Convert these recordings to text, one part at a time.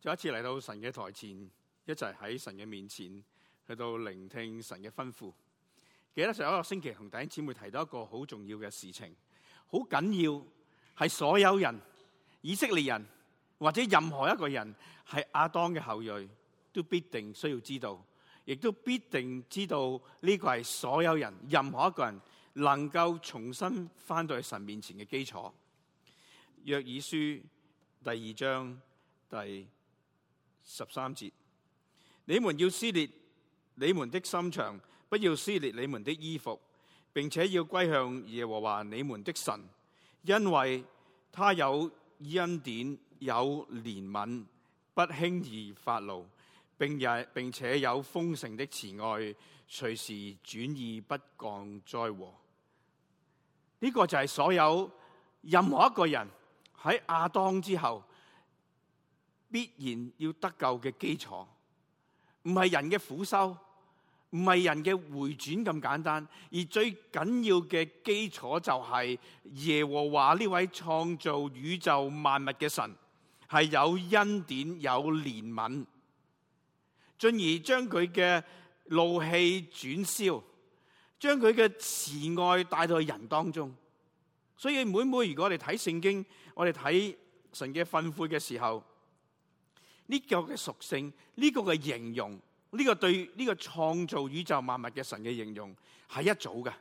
再一次嚟到神嘅台前，一齊喺神嘅面前去到聆聽神嘅吩咐。記得上一個星期同弟兄姊妹提到一個好重要嘅事情，好緊要係所有人以色列人或者任何一個人係亞當嘅後裔，都必定需要知道，亦都必定知道呢，這個係所有人任何一個人能夠重新翻到去神面前嘅基礎。約珥書第二章第十三節，你們要撕裂你們的心腸，不要撕裂你們的衣服，並且要歸向耶和華你們的神，因為他有恩典，有憐憫，不輕易發怒，並也並且有豐盛的慈愛，隨時轉意，不降災禍。呢個就係所有任何一個人喺亞當之後。必然要得救嘅基礎，唔係人嘅苦修，唔係人嘅回轉咁簡單。而最緊要嘅基礎就係耶和華呢位創造宇宙萬物嘅神，係有恩典，有憐憫，進而將佢嘅怒氣轉消，將佢嘅慈愛帶到去人當中。所以每每如果我哋睇聖經，我哋睇神嘅憤悔嘅時候。呢個嘅屬性，呢個嘅形容，呢個對呢個創造宇宙萬物嘅神嘅形容係一組嘅，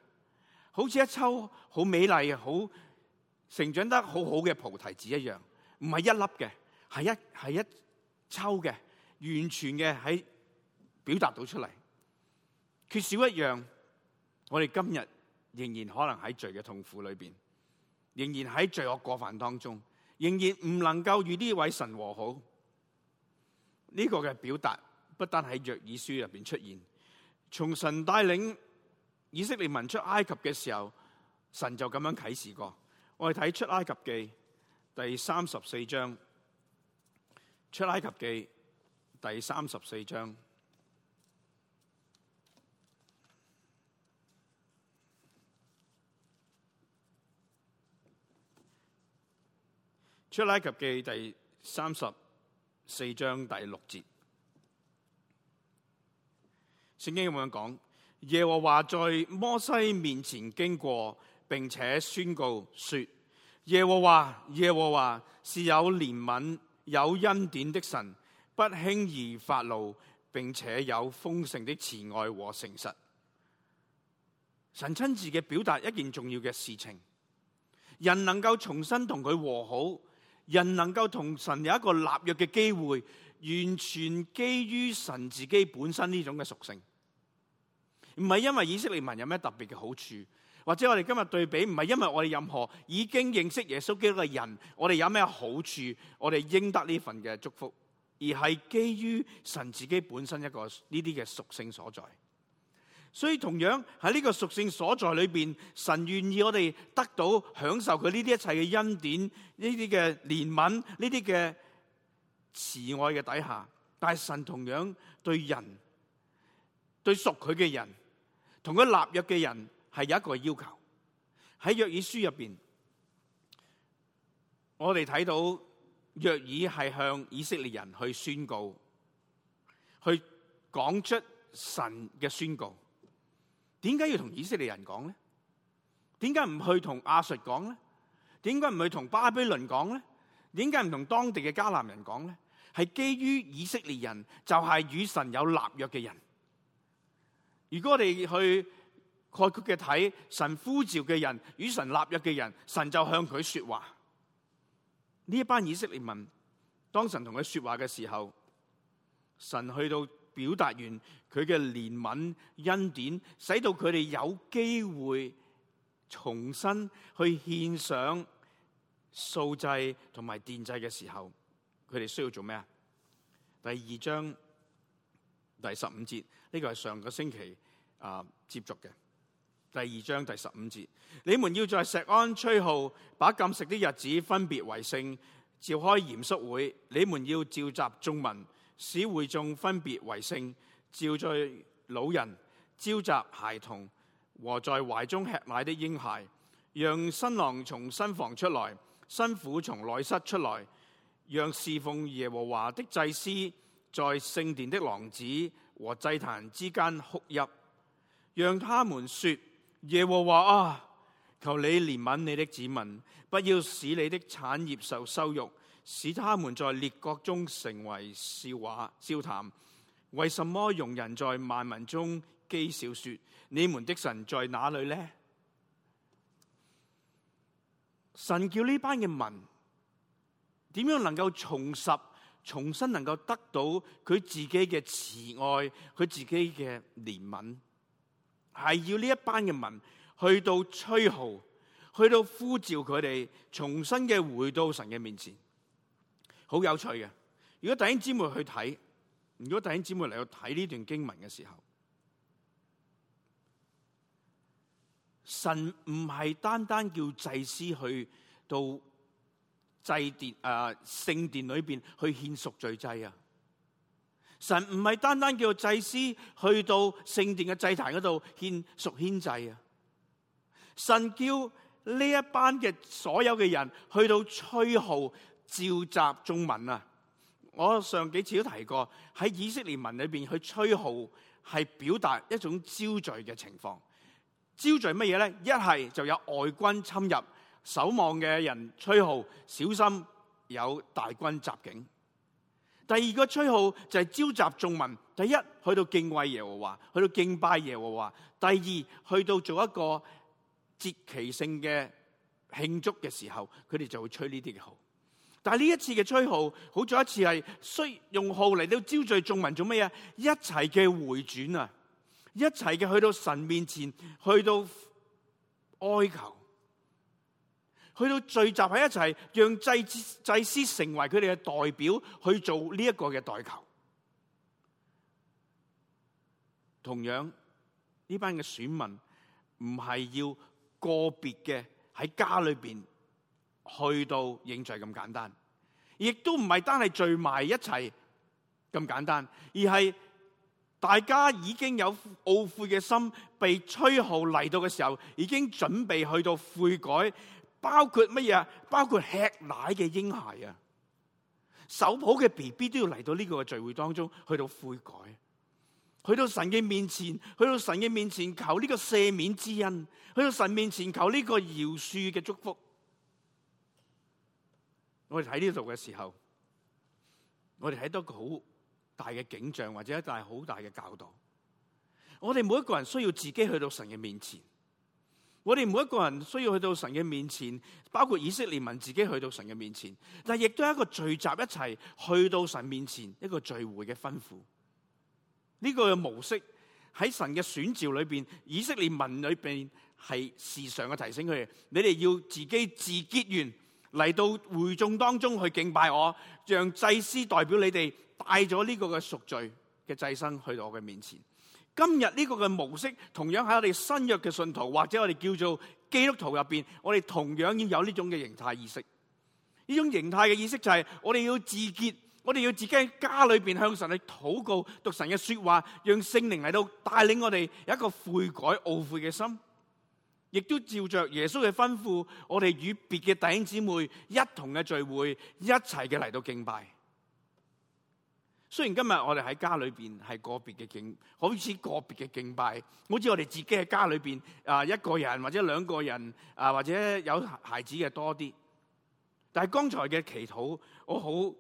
好似一抽好美麗、好成長得好好嘅菩提子一樣，唔係一粒嘅，係一係一抽嘅，完全嘅喺表達到出嚟。缺少一樣，我哋今日仍然可能喺罪嘅痛苦裏邊，仍然喺罪惡過犯當中，仍然唔能夠與呢位神和好。呢個嘅表達不單喺約珥書入邊出現，從神帶領以色列民出埃及嘅時候，神就咁樣啟示過。我哋睇出埃及記第三十四章，出埃及記第三十四章，出埃及記第三十。四章第六節，聖經咁樣講，耶和華在摩西面前經過，並且宣告說：耶和華耶和華是有憐憫、有恩典的神，不輕易發怒，並且有豐盛的慈愛和誠實。神親自嘅表達一件重要嘅事情，人能夠重新同佢和好。人能夠同神有一個立約嘅機會，完全基於神自己本身呢種嘅屬性，唔係因為以色列民有咩特別嘅好處，或者我哋今日對比，唔係因為我哋任何已經認識耶穌基督嘅人，我哋有咩好處，我哋應得呢份嘅祝福，而係基於神自己本身一個呢啲嘅屬性所在。所以同樣喺呢個屬性所在裏邊，神願意我哋得到享受佢呢啲一切嘅恩典，呢啲嘅憐憫，呢啲嘅慈愛嘅底下。但係神同樣對人、對屬佢嘅人、同佢立約嘅人係有一個要求。喺約珥書入邊，我哋睇到約珥係向以色列人去宣告，去講出神嘅宣告。點解要同以色列人講咧？點解唔去同亞述講咧？點解唔去同巴比倫講咧？點解唔同當地嘅迦南人講咧？係基於以色列人就係與神有立約嘅人。如果我哋去概括嘅睇，神呼召嘅人與神立約嘅人，神就向佢說話。呢一班以色列民，當神同佢說話嘅時候，神去到。表達完佢嘅憐憫恩典，使到佢哋有機會重新去獻上素祭同埋奠祭嘅時候，佢哋需要做咩啊？第二章第十五節，呢個係上個星期啊接觸嘅。第二章第十五節，你們要在錫安吹號，把禁食的日子分別為聖，召開嚴肅會。你們要召集眾民。使會眾分別為聖，招聚老人、召集孩童和在懷中吃奶的嬰孩，讓新郎從新房出來，新婦從內室出來，讓侍奉耶和華的祭司在聖殿的廊子和祭壇之間哭泣，讓他們說：耶和華啊，求你憐憫你的子民，不要使你的產業受羞辱。使他們在列國中成為笑話、笑談。為什麼容人在萬民中譏笑說，你們的神在哪裏呢？神叫呢班嘅民點樣能夠重拾，重新能夠得到佢自己嘅慈愛、佢自己嘅憐憫，係要呢一班嘅民去到吹號，去到呼召佢哋，重新嘅回到神嘅面前。好有趣嘅！如果弟兄姊妹去睇，如果弟兄姊妹嚟到睇呢段經文嘅時候，神唔係單單叫祭司去到祭殿啊、呃、聖殿裏邊去獻贖罪祭啊，神唔係單單叫祭司去到聖殿嘅祭壇嗰度獻贖獻祭啊，神叫呢一班嘅所有嘅人去到吹號。召集眾民啊！我上幾次都提過，喺以色列文裏邊，去吹號係表達一種焦聚嘅情況。焦聚乜嘢咧？一係就有外軍侵入，守望嘅人吹號，小心有大軍襲境。第二個吹號就係召集眾民。第一去到敬畏耶和華，去到敬拜耶和華；第二去到做一個節期性嘅慶祝嘅時候，佢哋就會吹呢啲嘅號。但係呢一次嘅吹號，好似一次係需用號嚟到招聚眾民做乜嘢？一齊嘅回轉啊，一齊嘅去到神面前，去到哀求，去到聚集喺一齊，讓祭祭司成為佢哋嘅代表去做呢一個嘅代求。同樣呢班嘅選民唔係要個別嘅喺家裏邊。去到凝聚咁簡單，亦都唔係單係聚埋一齊咁簡單，而係大家已經有懊悔嘅心，被吹號嚟到嘅時候，已經準備去到悔改。包括乜嘢啊？包括吃奶嘅嬰孩啊，手抱嘅 B B 都要嚟到呢個聚會當中，去到悔改，去到神嘅面前，去到神嘅面前求呢個赦免之恩，去到神面前求呢個饒恕嘅祝福。我哋睇呢度嘅時候，我哋睇到一個好大嘅景象，或者一啲好大嘅教導。我哋每一個人需要自己去到神嘅面前。我哋每一個人需要去到神嘅面前，包括以色列民自己去到神嘅面前。但係亦都係一個聚集一齊去到神面前一個聚會嘅吩咐。呢、呢個模式喺神嘅選召裏邊，以色列民裏邊係時常嘅提醒佢哋：你哋要自己自結緣。嚟到會眾當中去敬拜我，讓祭司代表你哋帶咗呢個嘅贖罪嘅祭牲去到我嘅面前。今日呢個嘅模式，同樣喺我哋新約嘅信徒或者我哋叫做基督徒入邊，我哋同樣要有呢種嘅形態意識。呢種形態嘅意識就係我哋要自潔，我哋要自己喺家裏邊向神去禱告，讀神嘅說話，讓聖靈嚟到帶領我哋有一個悔改懊悔嘅心。亦都照着耶穌嘅吩咐，我哋與別嘅弟兄姊妹一同嘅聚會，一齊嘅嚟到敬拜。雖然今日我哋喺家裏面係個別嘅敬，好似個別嘅敬拜，好似我哋自己喺家裏面，啊一個人或者兩個人啊，或者有孩子嘅多啲。但係剛才嘅祈禱，我好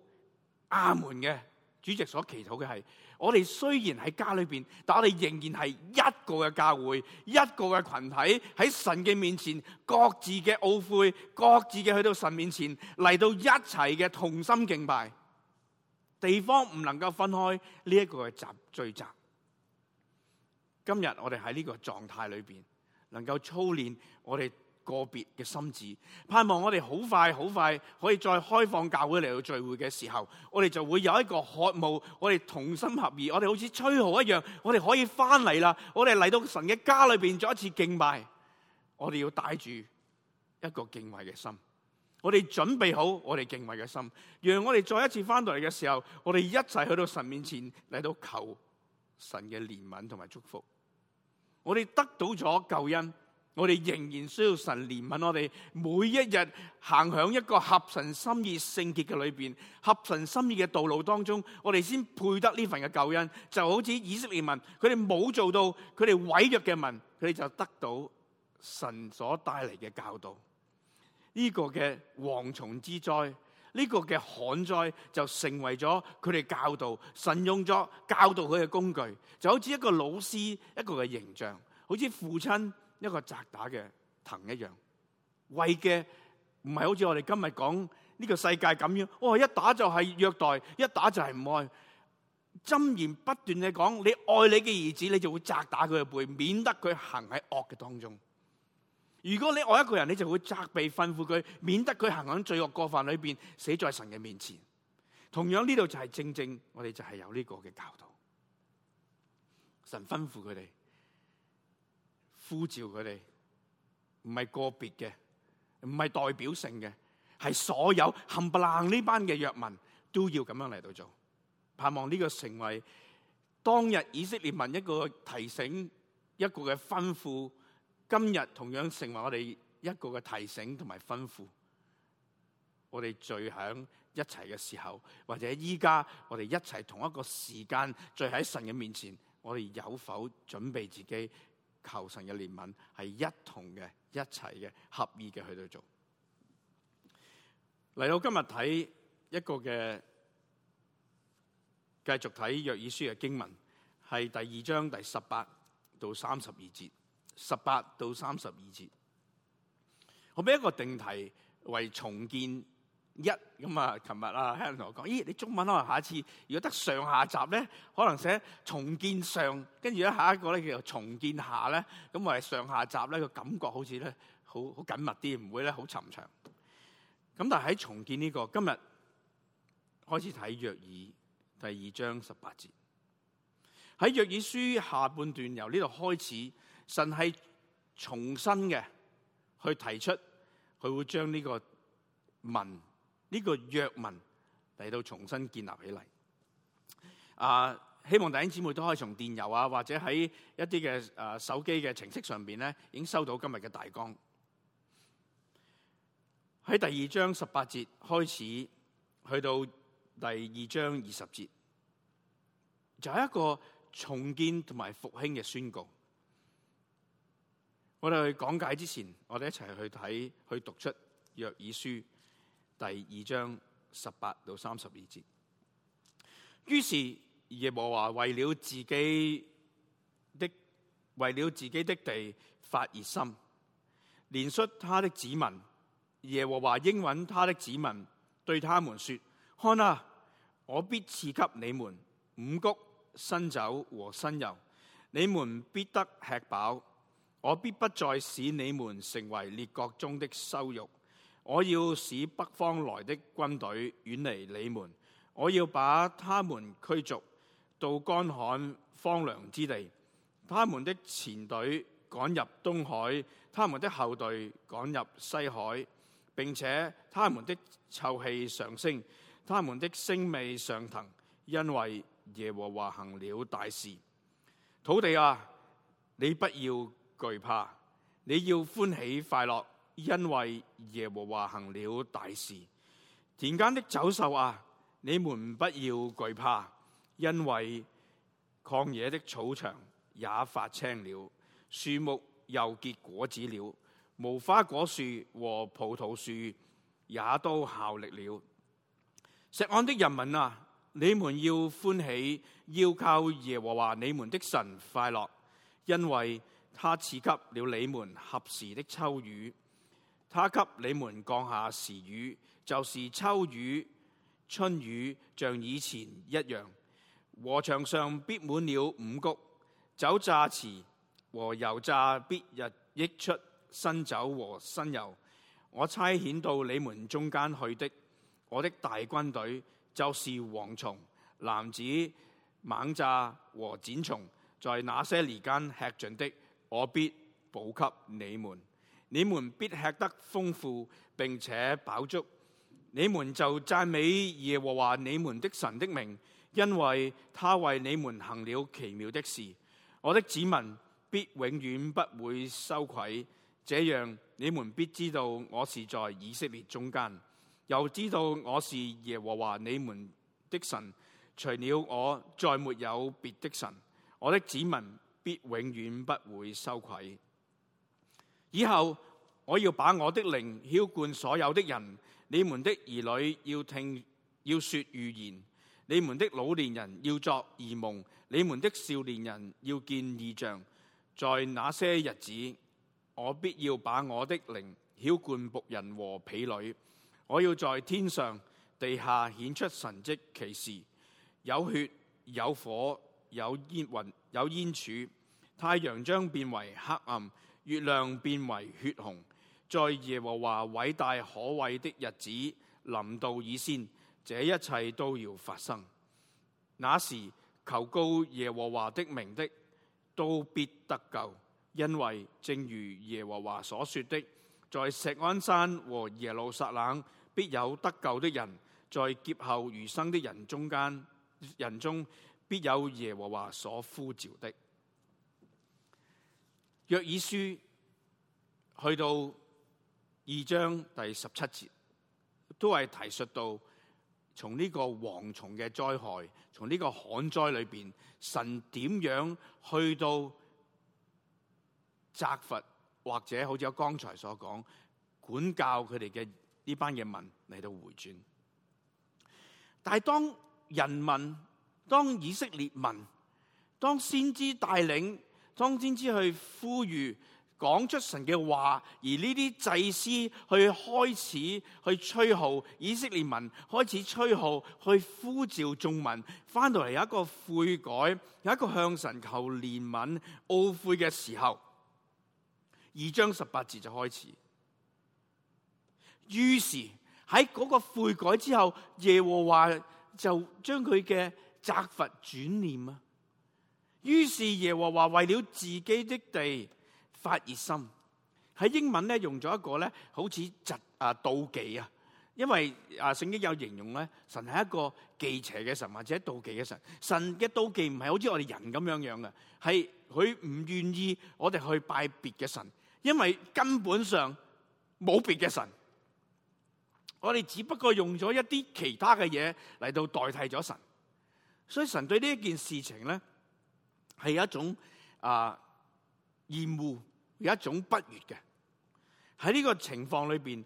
阿門嘅主席所祈禱嘅係。我哋雖然喺家裏邊，但我哋仍然係一個嘅教會，一個嘅群體喺神嘅面前，各自嘅懊悔，各自嘅去到神面前嚟到一齊嘅同心敬拜，地方唔能夠分開呢一個嘅集聚集。今日我哋喺呢個狀態裏邊，能夠操練我哋。個別嘅心智，盼望我哋好快好快可以再開放教會嚟到聚會嘅時候，我哋就會有一個渴望。我哋同心合意，我哋好似吹號一樣，我哋可以翻嚟啦，我哋嚟到神嘅家裏邊再一次敬拜，我哋要帶住一個敬畏嘅心，我哋準備好我哋敬畏嘅心，讓我哋再一次翻到嚟嘅時候，我哋一齊去到神面前嚟到求神嘅憐憫同埋祝福，我哋得到咗救恩。我哋仍然需要神憐憫我哋，每一日行響一個合神心意聖潔嘅裏邊，合神心意嘅道路當中，我哋先配得呢份嘅救恩。就好似以色列民，佢哋冇做到，佢哋毀約嘅民，佢哋就得到神所帶嚟嘅教導。呢個嘅蝗蟲之災，呢個嘅旱災，就成為咗佢哋教導，神用咗教導佢嘅工具，就好似一個老師一個嘅形象，好似父親一個責打嘅藤一樣，為嘅唔係好似我哋今日講呢個世界咁樣，我、哦、一打就係虐待，一打就係唔愛，箴言不斷地講，你愛你嘅兒子，你就會責打佢嘅背，免得佢行喺惡嘅當中。如果你愛一個人，你就會責備吩咐佢，免得佢行喺罪惡過犯裏邊，死在神嘅面前。同樣呢度就係正正我哋就係有呢個嘅教導，神吩咐佢哋。呼召佢哋，唔係個別嘅，唔係代表性嘅，係所有冚唪唥呢班嘅約民都要咁樣嚟到做，盼望呢個成為當日以色列民一個提醒，一個嘅吩咐，今日同樣成為我哋一個嘅提醒同埋吩咐。我哋聚響一齊嘅時候，或者依家我哋一齊同一個時間聚喺神嘅面前，我哋有否準備自己？求神嘅憐憫係一同嘅、一齊嘅、合意嘅去到做。嚟到今日睇一個嘅，繼續睇約珥書嘅經文，係第二章第十八到三十二節，十八到三十二節，我畀一個定題為重建。一咁啊！琴日啊，Helen 同我講，咦，你中文可能下次如果得上下集咧，可能寫重建上，跟住咧下一個咧叫重建下咧，咁、嗯、話上下集咧個感覺好似咧好好緊密啲，唔會咧好沉長。咁、嗯、但係喺重建呢，這個今日開始睇約珥第二章十八節喺約珥書下半段由呢度開始，神係重新嘅去提出佢會將呢個文。呢個約文嚟到重新建立起嚟，啊，希望弟兄姊妹都可以從電郵啊，或者喺一啲嘅、啊、手機嘅程式上邊咧，已經收到今日嘅大綱。喺第二章十八節開始，去到第二章二十節，就係、是、一個重建同埋復興嘅宣告。我哋去講解之前，我哋一齊去睇去讀出約珥書。第二章十八到三十二節，於是耶和華為了自己的為了自己的地發熱心，憐恤他的子民，耶和華應允他的子民，對他們說：看啊，我必賜給你們五穀、新酒和新油，你們必得吃飽，我必不再使你們成為列國中的羞辱。我要使北方來的軍隊遠離你們，我要把他們驅逐到乾旱荒涼之地。他們的前隊趕入東海，他們的後隊趕入西海，並且他們的臭氣上升，他們的腥味上騰，因為耶和華行了大事。土地啊，你不要懼怕，你要歡喜快樂。因為耶和華行了大事，田間的走獸啊，你們不要懼怕，因為曠野的草場也發青了，樹木又結果子了，無花果樹和葡萄樹也都效力了。錫安的人民啊，你們要歡喜，要靠耶和華你們的神快樂，因為他賜給了你們合時的秋雨。他給你們降下時雨，就是秋雨、春雨，像以前一樣。禾場上必滿了五穀，酒榨池和油榨必日益出新酒和新油。我差遣到你們中間去的，我的大軍隊就是蝗蟲、蠻子、猛蚱和剪蟲，在那些年間吃盡的，我必補給你們。你們必吃得豐富，並且飽足。你們就讚美耶和華你們的神的名，因為他為你們行了奇妙的事。我的子民必永遠不會羞愧。這樣你們必知道我是在以色列中間，又知道我是耶和華你們的神。除了我，再沒有別的神。我的子民必永遠不會羞愧。以後我要把我的靈澆灌所有的人，你們的兒女要聽要説預言，你們的老年人要作異夢，你們的少年人要見異象。在那些日子，我必要把我的靈澆灌僕人和婢女，我要在天上、地下顯出神蹟奇事，有血、有火、有煙雲、有煙柱，太陽將變為黑暗。月亮變為血紅，在耶和華偉大可畏的日子臨到以先，這一切都要發生。那時，求告耶和華的名的，都必得救，因為正如耶和華所說的，在錫安山和耶路撒冷必有得救的人，在劫後餘生的人中間，人中必有耶和華所呼召的。約珥書去到二章第十七節，都係提述到從呢個蝗蟲嘅災害，從呢個旱災裏邊，神點樣去到責罰或者好似我剛才所講，管教佢哋嘅呢班嘅民嚟到回轉。但係當人民，當以色列民，當先知帶領。當先知去呼籲、講出神嘅話，而呢啲祭司去開始去吹號，以色列民開始吹號，去呼召眾民翻到嚟，有一個悔改、有一個向神求憐憫、懊悔嘅時候，二章十八節就開始。於是喺嗰個悔改之後，耶和華就將佢嘅責罰轉念啊！於是耶和華為了自己的地發熱心，喺英文咧用咗一個咧，好似嫉啊妒忌啊。因為啊聖經有形容咧，神係一個忌邪嘅神或者妒忌嘅神。神嘅妒忌唔係好似我哋人咁樣樣嘅，係佢唔願意我哋去拜別嘅神，因為根本上冇別嘅神，我哋只不過用咗一啲其他嘅嘢嚟到代替咗神，所以神對呢一件事情咧。係一種啊、呃、厭惡，有一種不悦嘅。喺呢個情況裏邊，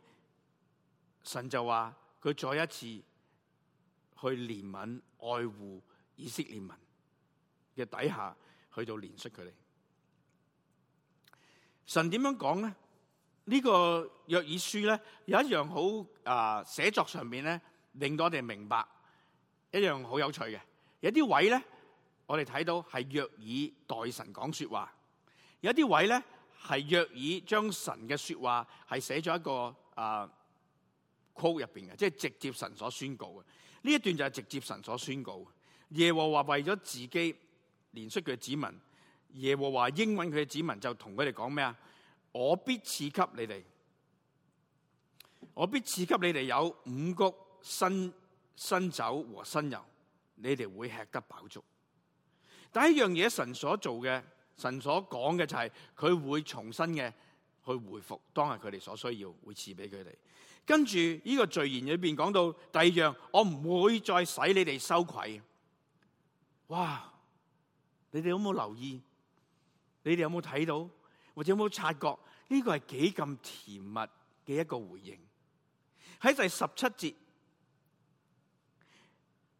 神就話佢再一次去憐憫愛護以色列民嘅底下去到憐恤佢哋。神點樣講咧？呢、這個約珥書咧有一樣好啊、呃，寫作上面，咧令到我哋明白一樣好有趣嘅，有啲位咧。我哋睇到係約珥代神講說話，有啲位咧係約珥將神嘅說話係寫咗一個啊 quote 入邊嘅，即係直接神所宣告嘅。呢一段就係直接神所宣告嘅。耶和華為咗自己憐恤佢嘅子民，耶和華應允佢嘅子民，就同佢哋講咩啊？我必賜給你哋，我必賜給你哋有五穀新、新新酒和新油，你哋會吃得飽足。第一樣嘢，神所做嘅，神所講嘅就係、是，佢會重新嘅去回復當日佢哋所需要，會賜俾佢哋。跟住呢個序言裏邊講到第二樣，我唔會再使你哋羞愧。哇！你哋有冇留意？你哋有冇睇到？或者有冇察覺呢，這個係幾咁甜蜜嘅一個回應？喺第十七節，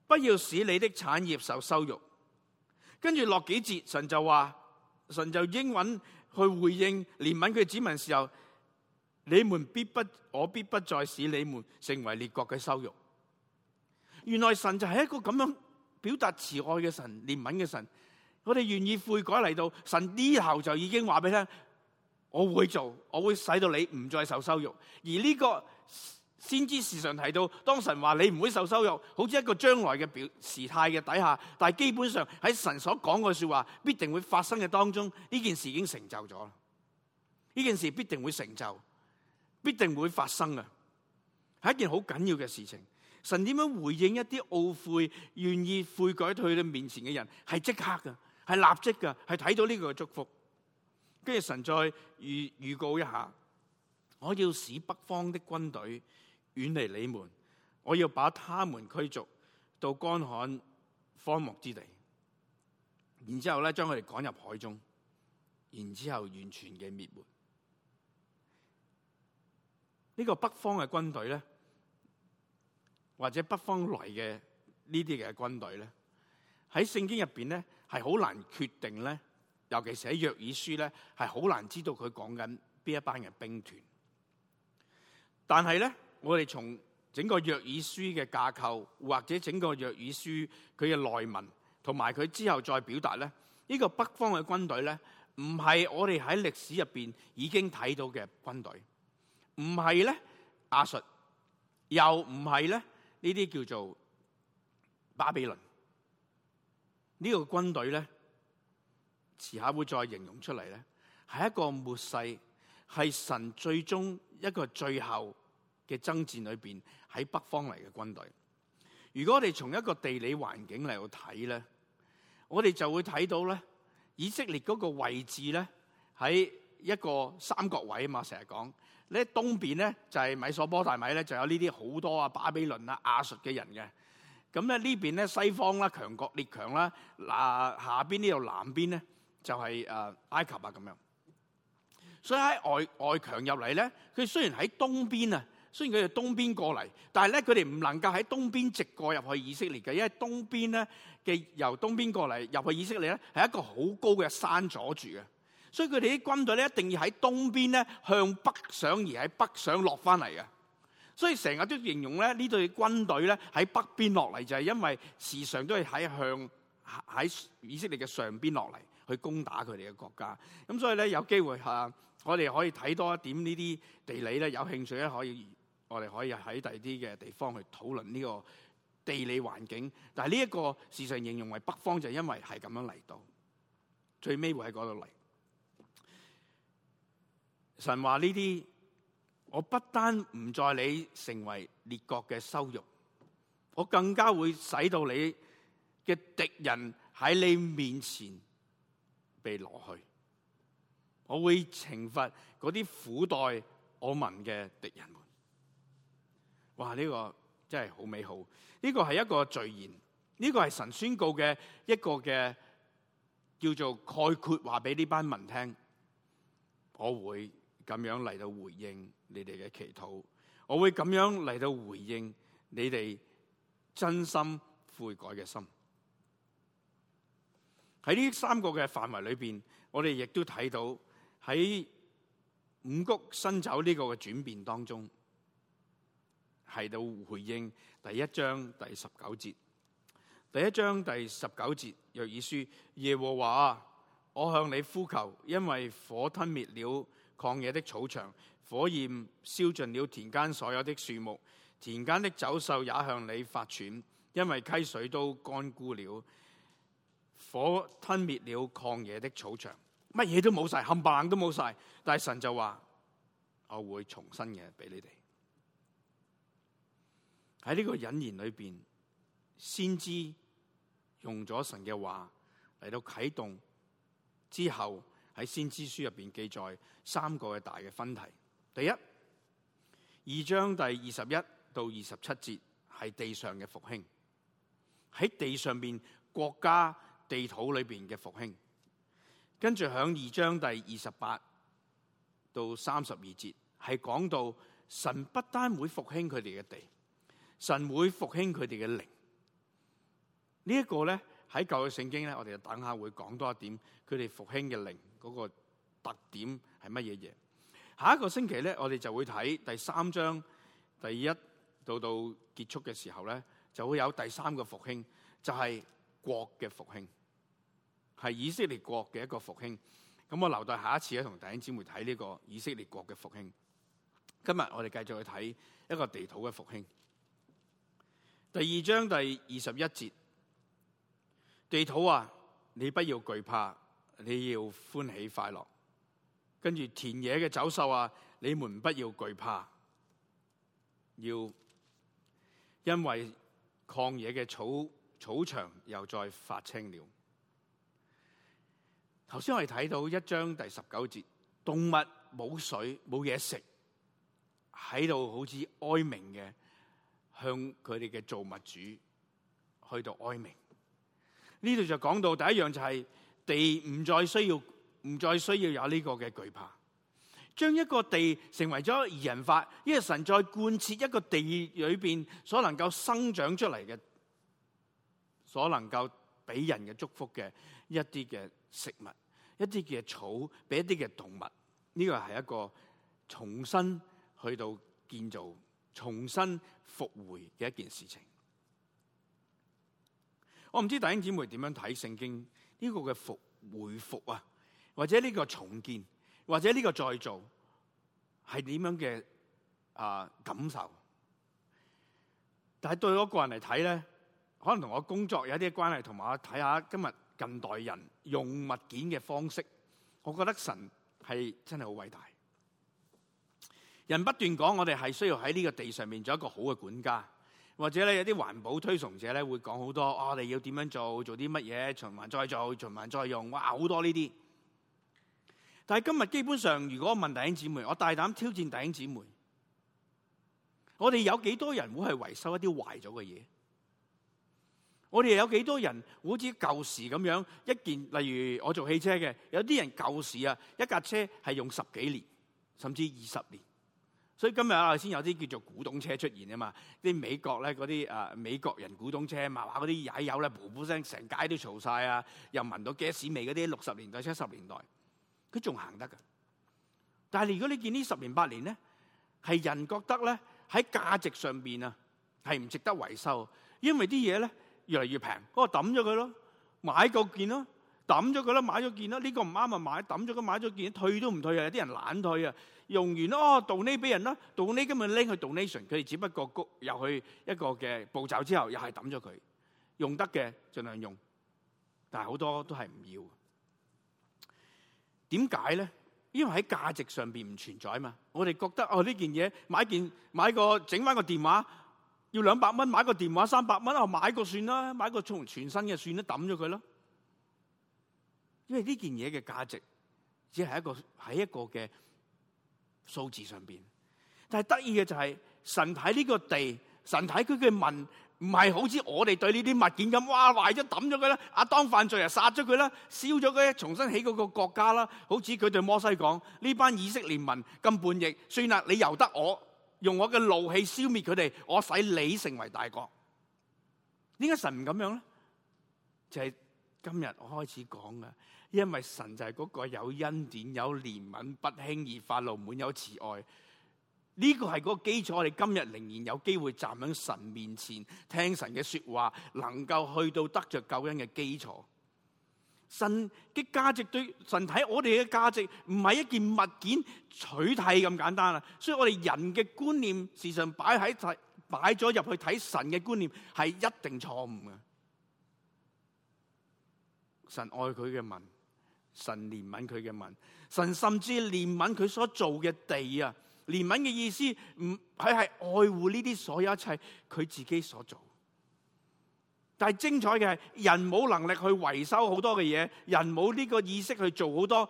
不要使你的產業受羞辱。跟住落幾節，神就話：神就英文去回應憐憫佢指紋時候，你們必不，我必不再使你們成為列國嘅羞辱。原來神就係一個咁樣表達慈愛嘅神，憐憫嘅神。我哋願意悔改嚟到，神呢後就已經話俾你聽，我會做，我會使到你唔再受羞辱。而呢、這個。先知時常提到，當神話你唔會受羞辱，好似一個將來嘅表時態嘅底下，但係基本上喺神所講嘅說話必定會發生嘅當中，呢件事已經成就咗。呢件事必定會成就，必定會發生啊。係一件好緊要嘅事情。神點樣回應一啲懊悔、願意悔改去嘅面前嘅人，係即刻嘅，係立即嘅，係睇到呢個祝福。跟住神再預預告一下，我要使北方的軍隊。遠離你們，我要把他們驅逐到乾旱荒漠之地，然之後咧將佢哋趕入海中，然之後完全嘅滅沒。呢個北方嘅軍隊咧，或者北方嚟嘅呢啲嘅軍隊咧，喺聖經入邊咧係好難決定咧，尤其是喺約珥書咧係好難知道佢講緊邊一班嘅兵團，但係咧。我哋從整個約珥書嘅架構，或者整個約珥書佢嘅內文，同埋佢之後再表達咧，呢個北方嘅軍隊咧，唔係我哋喺歷史入邊已經睇到嘅軍隊，唔係咧亞述，又唔係咧呢啲叫做巴比倫呢個軍隊咧，遲下會再形容出嚟咧，係一個末世，係神最終一個最後。嘅爭戰裏邊喺北方嚟嘅軍隊，如果我哋從一個地理環境嚟到睇咧，我哋就會睇到咧，以色列嗰個位置咧喺一個三角位啊嘛，成日講咧東邊咧就係米索波大米咧就有呢啲好多啊巴比倫啊亞述嘅人嘅，咁咧呢邊咧西方啦強國列強啦，嗱下邊呢度南邊咧就係誒埃及啊咁樣，所以喺外外強入嚟咧，佢雖然喺東邊啊。雖然佢哋東邊過嚟，但係咧佢哋唔能夠喺東邊直過入去以色列嘅，因為東邊咧嘅由東邊過嚟入去以色列咧係一個好高嘅山阻住嘅。所以佢哋啲軍隊咧一定要喺東邊咧向北上而喺北上落翻嚟嘅。所以成日都形容咧呢隊軍隊咧喺北邊落嚟就係因為時常都係喺向喺以色列嘅上邊落嚟去攻打佢哋嘅國家。咁所以咧有機會吓我哋可以睇多一點呢啲地理咧，有興趣咧可以。我哋可以喺第啲嘅地方去討論呢個地理環境，但係呢一個事實形容為北方，就係因為係咁樣嚟到，最尾會喺度嚟。神話呢啲，我不單唔再你成為列國嘅羞辱，我更加會使到你嘅敵人喺你面前被攞去，我會懲罰啲苦待我民嘅敵人。哇！呢個真係好美好，呢個係一個序言，呢個係神宣告嘅一個嘅叫做概括，話俾呢班民聽，我會咁樣嚟到回應你哋嘅祈禱，我會咁樣嚟到回應你哋真心悔改嘅心。喺呢三個嘅範圍裏邊，我哋亦都睇到喺五穀新酒呢個嘅轉變當中。係到回應第一章第十九節，第一章第十九節約珥書。耶和華，我向你呼求，因為火吞滅了曠野的草場，火焰燒盡了田間所有的樹木，田間的走獸也向你發喘，因為溪水都乾枯了，火吞滅了曠野的草場。乜嘢都冇晒，冚唪唥都冇晒，但神就話我會重新嘅俾你哋。喺呢個引言裏邊，先知用咗神嘅話嚟到啟動之後，喺先知書入邊記載三個嘅大嘅分題。第一，二章第二十一到二十七節係地上嘅復興，喺地上邊國家地土裏邊嘅復興。跟住響二章第二十八到三十二節係講到神不單會復興佢哋嘅地。神會復興佢哋嘅靈、這個、呢一個咧喺舊嘅聖經咧，我哋就等下會講多一點佢哋復興嘅靈嗰、那個特點係乜嘢嘢？下一個星期咧，我哋就會睇第三章第一到到結束嘅時候咧，就會有第三個復興就係、是、國嘅復興係以色列國嘅一個復興。咁我留待下一次咧，同弟兄姊妹睇呢個以色列國嘅復興。今日我哋繼續去睇一個地土嘅復興。第二章第二十一節，地土啊，你不要懼怕，你要歡喜快樂。跟住田野嘅走獸啊，你們不要懼怕，要因為曠野嘅草草場又再發青了。頭先我哋睇到一章第十九節，動物冇水冇嘢食，喺度好似哀鳴嘅。向佢哋嘅造物主去到哀鳴，呢度就講到，第一樣就係地唔再需要，唔再需要有呢個嘅懼怕，將一個地成為咗二人法，因為神在貫徹一個地裏邊所能夠生長出嚟嘅，所能夠俾人嘅祝福嘅一啲嘅食物，一啲嘅草，俾一啲嘅動物，呢個係一個重新去到建造。重新復回嘅一件事情，我唔知弟兄姊妹點樣睇聖經呢個嘅復回復啊，或者呢個重建，或者呢個再造係點樣嘅啊、呃、感受？但係對我個人嚟睇咧，可能同我工作有啲關係，同埋我睇下今日近代人用物件嘅方式，我覺得神係真係好偉大。人不斷講，我哋係需要喺呢個地上面做一個好嘅管家，或者咧有啲環保推崇者咧會講好多，我哋要點樣做，做啲乜嘢，循環再做，循環再用，哇！好多呢啲。但係今日基本上，如果我問弟兄姊妹，我大膽挑戰弟兄姊妹，我哋有幾多人會去維修一啲壞咗嘅嘢？我哋有幾多人會好似舊時咁樣，一件例如我做汽車嘅，有啲人舊時啊，一架車係用十幾年，甚至二十年。所以今日啊，先有啲叫做古董車出現啊嘛，啲美國咧嗰啲啊美國人古董車，麻麻嗰啲曳友咧，噗噗聲成街都嘈曬啊，又聞到 gas 味嗰啲六十年代、七十年代，佢仲行得噶。但係如果你見呢十年八年咧，係人覺得咧喺價值上邊啊，係唔值得維修，因為啲嘢咧越嚟越平，我抌咗佢咯，買過件咯，抌咗佢咯，買咗件咯，呢個唔啱咪買，抌咗佢買咗件，退都唔退啊，有啲人懶退啊。用完咯，donate 俾人咯，donate 今日拎去 donation，佢哋只不過入去一個嘅步驟之後，又係抌咗佢。用得嘅盡量用，但係好多都係唔要。點解咧？因為喺價值上邊唔存在啊嘛。我哋覺得哦，呢件嘢買件買個整翻個電話要兩百蚊，買個電話三百蚊，哦買個算啦，買個從全新嘅算啦，抌咗佢啦。因為呢件嘢嘅價值只係一個喺一個嘅。數字上邊，但係得意嘅就係、是、神喺呢個地，神喺佢嘅民唔係好似我哋對呢啲物件咁，哇壞咗抌咗佢啦，阿當犯罪人殺咗佢啦，燒咗佢，重新起嗰個國家啦，好似佢對摩西講呢班以色列民咁叛逆，算啦，你由得我用我嘅怒氣消滅佢哋，我使你成為大國。點解神唔咁樣咧？就係、是、今日我開始講嘅。因為神就係嗰個有恩典、有憐憫、不輕易發怒、滿有慈愛，呢個係嗰個基礎。我哋今日仍然有機會站喺神面前聽神嘅說話，能夠去到得着救恩嘅基礎。神嘅價值對神睇我哋嘅價值，唔係一件物件取替咁簡單啦。所以我哋人嘅觀念時常擺喺睇擺咗入去睇神嘅觀念係一定錯誤嘅。神愛佢嘅民。神憐憫佢嘅民，神甚至憐憫佢所做嘅地啊！憐憫嘅意思是，唔係係愛護呢啲所有一切佢自己所做。但係精彩嘅係，人冇能力去維修好多嘅嘢，人冇呢個意識去做好多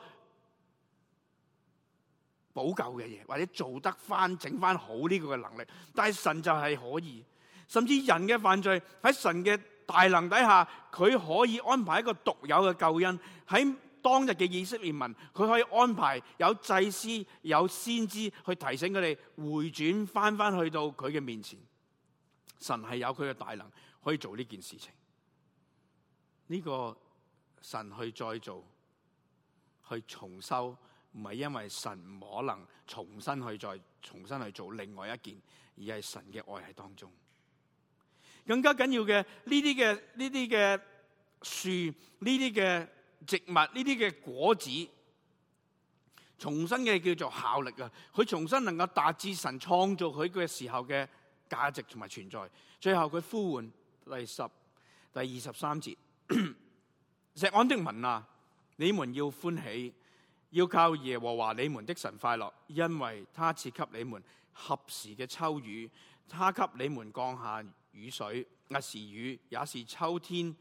補救嘅嘢，或者做得翻整翻好呢個嘅能力。但係神就係可以，甚至人嘅犯罪喺神嘅大能底下，佢可以安排一個獨有嘅救恩喺。當日嘅以色列民，佢可以安排有祭司、有先知去提醒佢哋回轉，翻翻，去到佢嘅面前。神係有佢嘅大能，可以做呢件事情。呢、這個神去再做，去重修，唔係因為神唔可能重新去再重新去做另外一件，而係神嘅愛喺當中。更加緊要嘅，呢啲嘅呢啲嘅樹，呢啲嘅。植物呢啲嘅果子，重新嘅，叫做效力啊！佢重新能夠達至神創造佢嘅時候嘅價值同埋存在。最後佢呼喚第十第二十三節： 錫安的民啊，你們要歡喜，要靠耶和華你們的神快樂，因為他賜給你們合時嘅秋雨，他給你們降下雨水，壓時雨，也是秋天、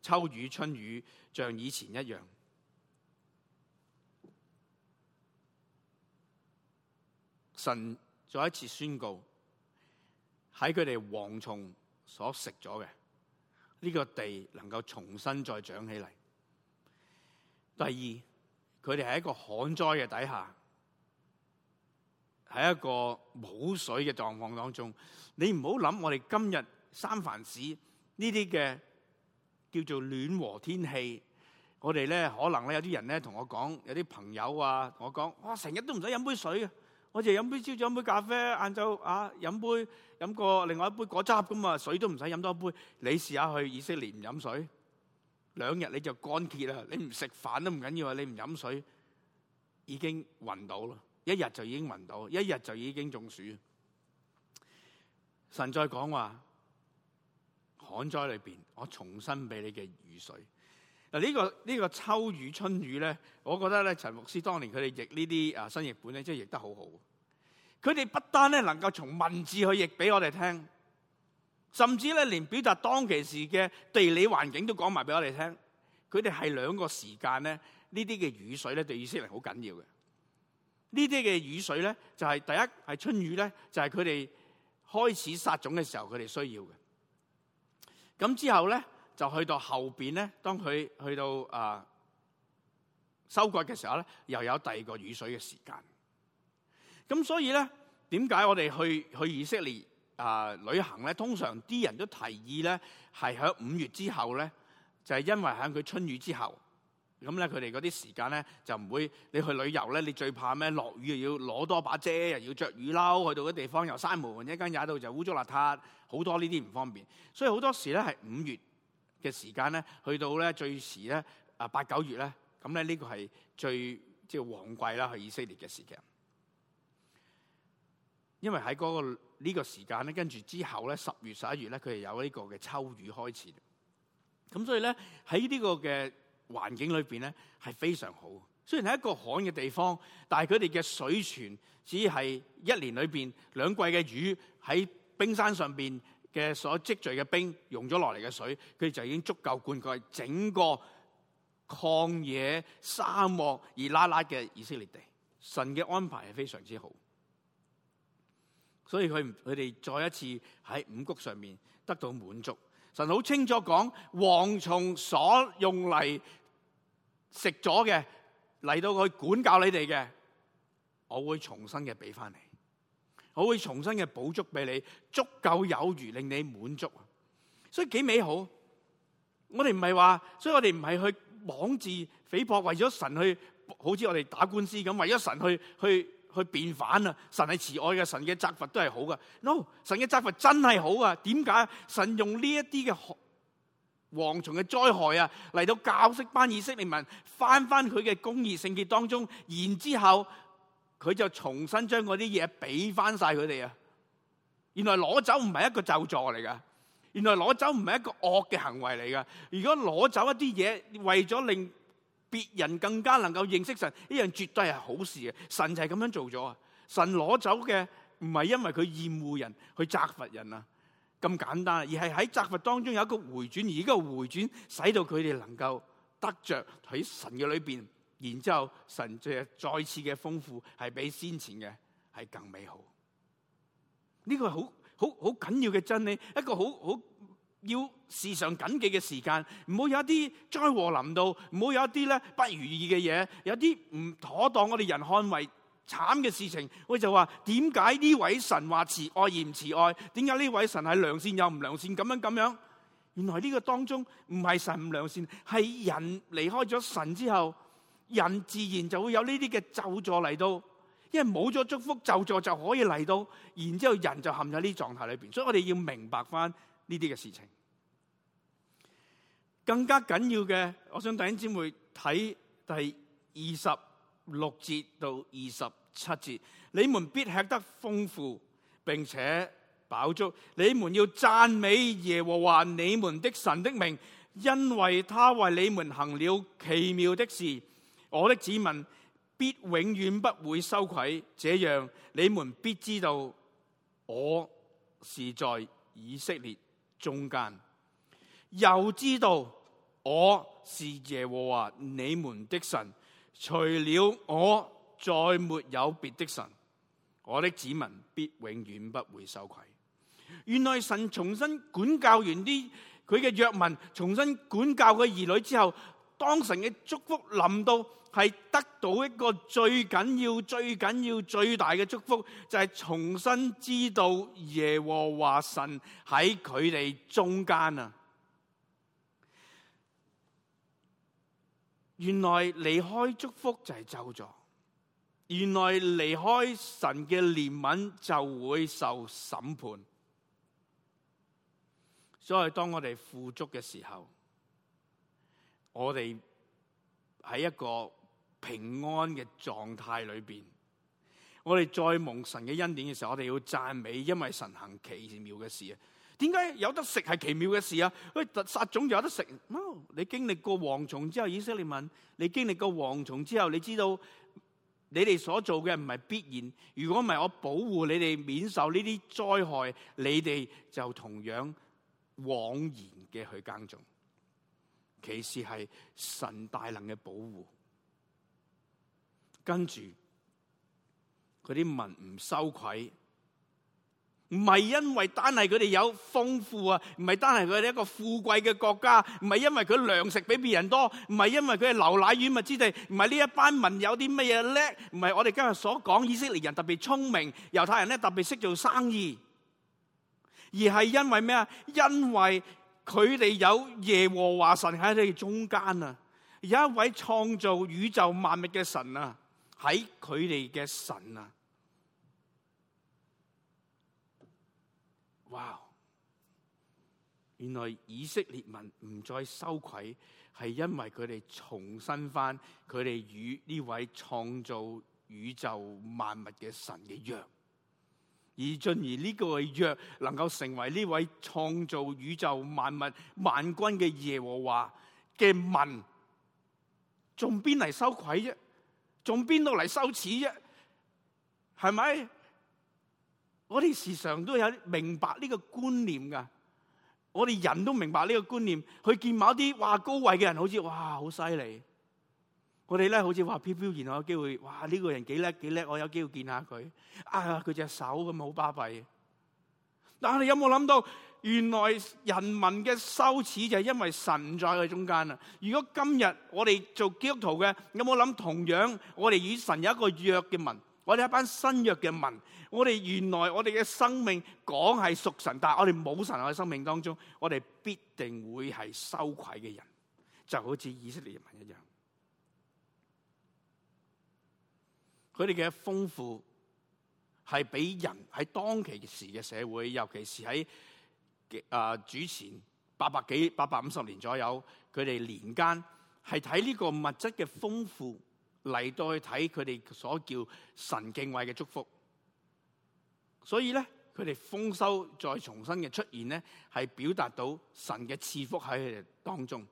秋雨、春雨。像以前一樣，神再一次宣告喺佢哋蝗蟲所食咗嘅呢個地，能夠重新再長起嚟。第二，佢哋喺一個旱災嘅底下，喺一個冇水嘅狀況當中，你唔好諗我哋今日三藩市呢啲嘅。叫做暖和天氣，我呢，我哋咧可能咧有啲人咧同我講，有啲朋友啊同我講，哇，成日都唔使飲杯水嘅，啊，我淨係飲杯朝早飲杯咖啡，晏晝啊飲杯飲個另外一杯果汁咁啊，水都唔使飲多一杯。你試下去以色列唔飲水，兩日你就乾竭啦。你唔食飯都唔緊要啊，你唔飲水已經暈到啦，一日就已經暈到，一日就，就已經中暑。神再講話。旱災裏邊，我重新俾你嘅雨水嗱。呢個、呢個秋雨春雨咧，我覺得咧，陳牧師當年佢哋譯呢啲啊新譯本咧，即係譯得好好。佢哋不單咧能夠從文字去譯俾我哋聽，甚至咧連表達當其時嘅地理環境都講埋俾我哋聽。佢哋係兩個時間咧，呢啲嘅雨水咧對以色列好緊要嘅。呢啲嘅雨水咧就係、係、第一係春雨咧，就係佢哋開始撒種嘅時候，佢哋需要嘅。咁之後咧，就去到後邊咧，當佢去到啊收割嘅時候咧，又有第二個雨水嘅時間。咁所以咧，點解我哋去去以色列啊旅行咧？通常啲人都提議咧，係喺五月之後咧,就係因為喺佢春雨之後。咁咧，佢哋嗰啲時間咧就唔會，你去旅遊咧，你最怕咩？落雨又要攞多把遮，又要着雨褸，去到啲地方又閂門，一間踩到就污糟邋遢，好多呢啲唔方便。所以好多時咧係五月嘅時間咧，去到咧最遲咧啊八九月咧，咁咧呢個係最即係旺季啦，去以色列嘅時期。因為喺嗰個呢個時間咧，跟住之後咧十月十一月咧，佢係有呢個嘅秋雨開始。咁所以咧喺呢個嘅環境裏邊咧係非常好，雖然係一個旱嘅地方，但係佢哋嘅水泉只係一年裏邊兩季嘅雨喺冰山上邊嘅所積聚嘅冰融咗落嚟嘅水，佢哋就已經足夠灌溉整個曠野沙漠而拉拉嘅以色列地。神嘅安排係非常之好的，所以佢佢哋再一次喺五穀上面得到滿足。神好清楚講，蝗蟲所用嚟食咗嘅，嚟到去管教你哋嘅，我會重新嘅俾翻你，我會重新嘅補足俾你，足夠有餘令你滿足啊！所以幾美好，我哋唔係話，所以我哋唔係去妄自菲薄，為咗神去，好似我哋打官司咁，為咗神去去。去變反啦！神係慈愛嘅，神嘅責罰都係好噶。No，神嘅責罰真係好啊！點解神用呢一啲嘅蝗蟲嘅災害啊，嚟到教識班以色列民翻翻佢嘅公義聖潔當中，然之後佢就重新將嗰啲嘢俾翻晒佢哋啊！原來攞走唔係一個咒詛嚟噶，原來攞走唔係一個惡嘅行為嚟噶。如果攞走一啲嘢，為咗令別人更加能夠認識神，呢樣絕對係好事嘅。神就係咁樣做咗啊！神攞走嘅唔係因為佢厭惡人，去責罰人啊，咁簡單，而係喺責罰當中有一個回轉，而呢個回轉使到佢哋能夠得着喺神嘅裏邊，然之後神再再次嘅豐富係比先前嘅係更美好。呢個係好好好緊要嘅真理，一個好好。要事上緊時常謹記嘅時間，唔好有一啲災禍臨到，唔好有一啲咧不如意嘅嘢，有啲唔妥當，我哋人看為慘嘅事情，我就話，點解呢位神話慈愛而唔慈愛？點解呢位神係良善又唔良善？咁樣咁樣，原來呢個當中唔係神唔良善，係人離開咗神之後，人自然就會有呢啲嘅咒詛嚟到，因為冇咗祝福咒詛就，就可以嚟到，然之後人就陷入呢狀態裏邊。所以我哋要明白返。呢啲嘅事情，更加緊要嘅，我想弟兄姊妹睇第二十六節到二十七節，你們必吃得豐富，並且飽足。你們要讚美耶和華你們的神的名，因為他為你們行了奇妙的事。我的子民必永遠不會羞愧，這樣你們必知道我是在以色列。中間，又知道我是耶和華你們的神，除了我再沒有別的神，我的子民必永遠不會羞愧。原來神重新管教完啲佢嘅約民，重新管教佢兒女之後，當神嘅祝福臨到。係得到一個最緊要、最緊要、最大嘅祝福，就係重新知道耶和華神喺佢哋中間啊！原來離開祝福就係咒咗，原來離開神嘅憐憫就會受審判。所以當我哋富足嘅時候，我哋喺一個。平安嘅狀態裏面，我哋再蒙神嘅恩典嘅時候，我哋要讚美，因為神行奇妙嘅事，事啊！點解有得食係奇妙嘅事啊？喂，殺種就有得食。你經歷過蝗蟲之後，以色列民，你經歷過蝗蟲之後，你知道你哋所做嘅唔係必然。如果唔係我保護你哋免受呢啲災害，你哋就同樣枉然嘅去耕種。其事係神大能嘅保護。跟住佢啲民唔羞愧，唔係因為單係佢哋有豐富啊，唔係單係佢哋一個富貴嘅國家，唔係因為佢糧食比別人多，唔係因為佢係流奶與蜜之地，唔係呢一班民有啲乜嘢叻，唔係我哋今日所講以色列人特別聰明，猶太人咧特別識做生意，而係因為咩啊？因為佢哋有耶和華神喺你哋中間啊，有一位創造宇宙萬物嘅神啊！睇佢哋嘅神啊！哇，原來以色列民唔再羞愧，係因為佢哋重新翻佢哋與呢位創造宇宙萬物嘅神嘅約，而進而呢個約能夠成為呢位創造宇宙萬物萬軍嘅耶和華嘅民，仲邊嚟羞愧啫？仲邊度嚟羞恥啫？係咪？我哋時常都有明白呢個觀念噶。我哋人都明白呢個觀念，去見某啲話高位嘅人，好似哇，好犀利，我哋咧，好似話飄飄然，我有機會，哇，呢個人幾叻幾叻，我有機會見下佢。啊，佢隻手咁好巴閉。但係你有冇諗到？原來人民嘅羞恥就係因為神在佢中間啦。如果今日我哋做基督徒嘅，有冇諗同樣我哋與神有一個約嘅民，我哋一班新約嘅民，我哋原來我哋嘅生命講係屬神，但係我哋冇神喺生命當中，我哋必定會係羞愧嘅人，就好似以色列人民一樣。佢哋嘅豐富係俾人喺當其時嘅社會，尤其是喺。啊、呃！主前八百幾八百五十年左右，佢哋年間係睇呢個物質嘅豐富嚟到去睇佢哋所叫神敬畏嘅祝福，所以咧佢哋豐收再重新嘅出現咧，係表達到神嘅賜福喺佢哋當中、這個、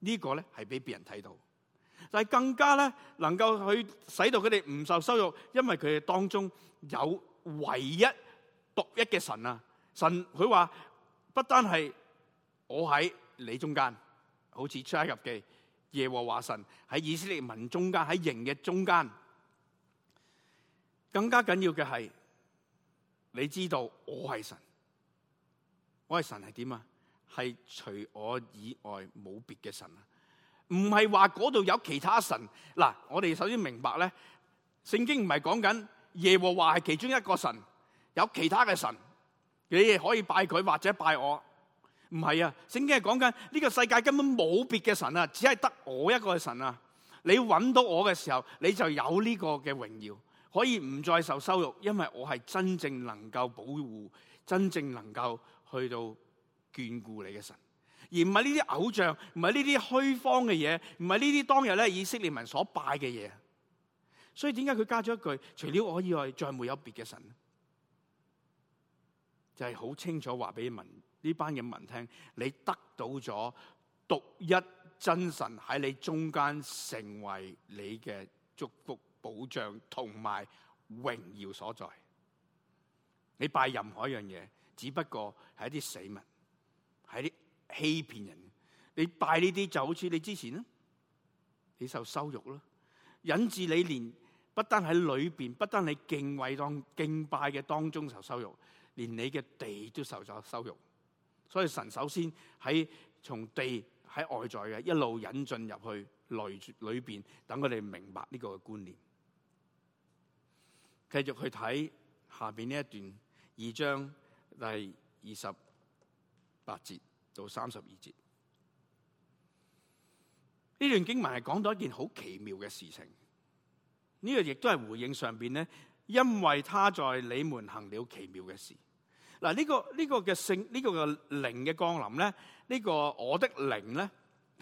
呢個咧係俾別人睇到，但係更加咧能夠去使到佢哋唔受羞辱，因為佢哋當中有唯一獨一嘅神啊！神佢話。不單係我喺你中間，好似出埃及、耶和華神喺以色列民中間，喺營嘅中間，更加緊要嘅係，你知道我係神，我係神係點啊？係除我以外冇別嘅神，唔係話嗰度有其他神。嗱，我哋首先明白咧，聖經唔係講緊耶和華係其中一個神，有其他嘅神。你亦可以拜佢或者拜我，唔係啊！聖經係講緊呢個世界根本冇別嘅神啊，只係得我一個嘅神啊！你揾到我嘅時候，你就有呢個嘅榮耀，可以唔再受羞辱，因為我係真正能夠保護、真正能夠去到眷顧你嘅神，而唔係呢啲偶像，唔係呢啲虛方嘅嘢，唔係呢啲當日咧以色列民所拜嘅嘢。所以點解佢加咗一句：除了我以外，再沒有別嘅神。就係好清楚話俾民呢班嘅民聽，你得到咗獨一真神喺你中間，成為你嘅祝福、保障同埋榮耀所在。你拜任何一樣嘢，只不過係一啲死物，係啲欺騙人。你拜呢啲就好似你之前啦，你受羞辱囉，引致你連不單喺裏邊，不單你敬畏當敬拜嘅當中受羞辱，連你嘅地都受咗羞辱，所以神首先喺從地喺外在嘅一路引進入去內裏邊，等佢哋明白呢個觀念。繼續去睇下邊呢一段二章第二十八節到三十二節呢段經文係講到一件好奇妙嘅事情。呢個亦都係回應上邊呢，因為他在你們行了奇妙嘅事。嗱，呢、這個呢、這個嘅聖呢個嘅靈嘅降臨咧，呢、這個我的靈咧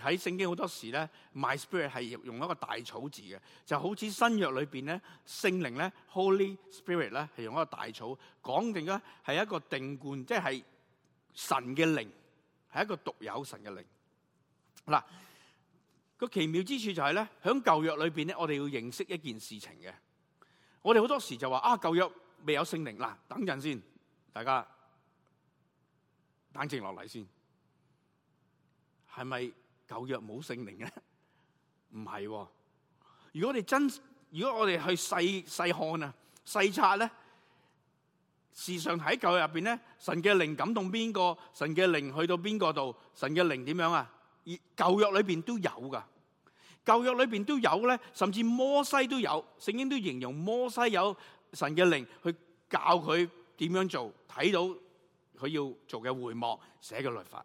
喺聖經好多時咧，my spirit 係用一個大草字嘅，就好似新約裏邊咧聖靈咧 Holy Spirit 咧係用一個大草講定咧係一個定冠，即、就、係、是、神嘅靈係一個獨有神嘅靈，嗱，個奇妙之處就係咧響舊約裏邊咧，面我哋要認識一件事情嘅，我哋好多時就話啊舊約未有聖靈嗱，等陣先。大家冷靜落嚟先，係咪舊約冇聖靈咧？唔係，如果我哋真，如果我哋去細細看啊、細察咧，事實上喺舊約入邊咧，神嘅靈感動邊個，神嘅靈去到邊個度，神嘅靈點樣啊？而舊約裏邊都有噶，舊約裏邊都有咧，甚至摩西都有，聖經都形容摩西有神嘅靈去教佢。點樣做？睇到佢要做嘅會幕寫嘅律法，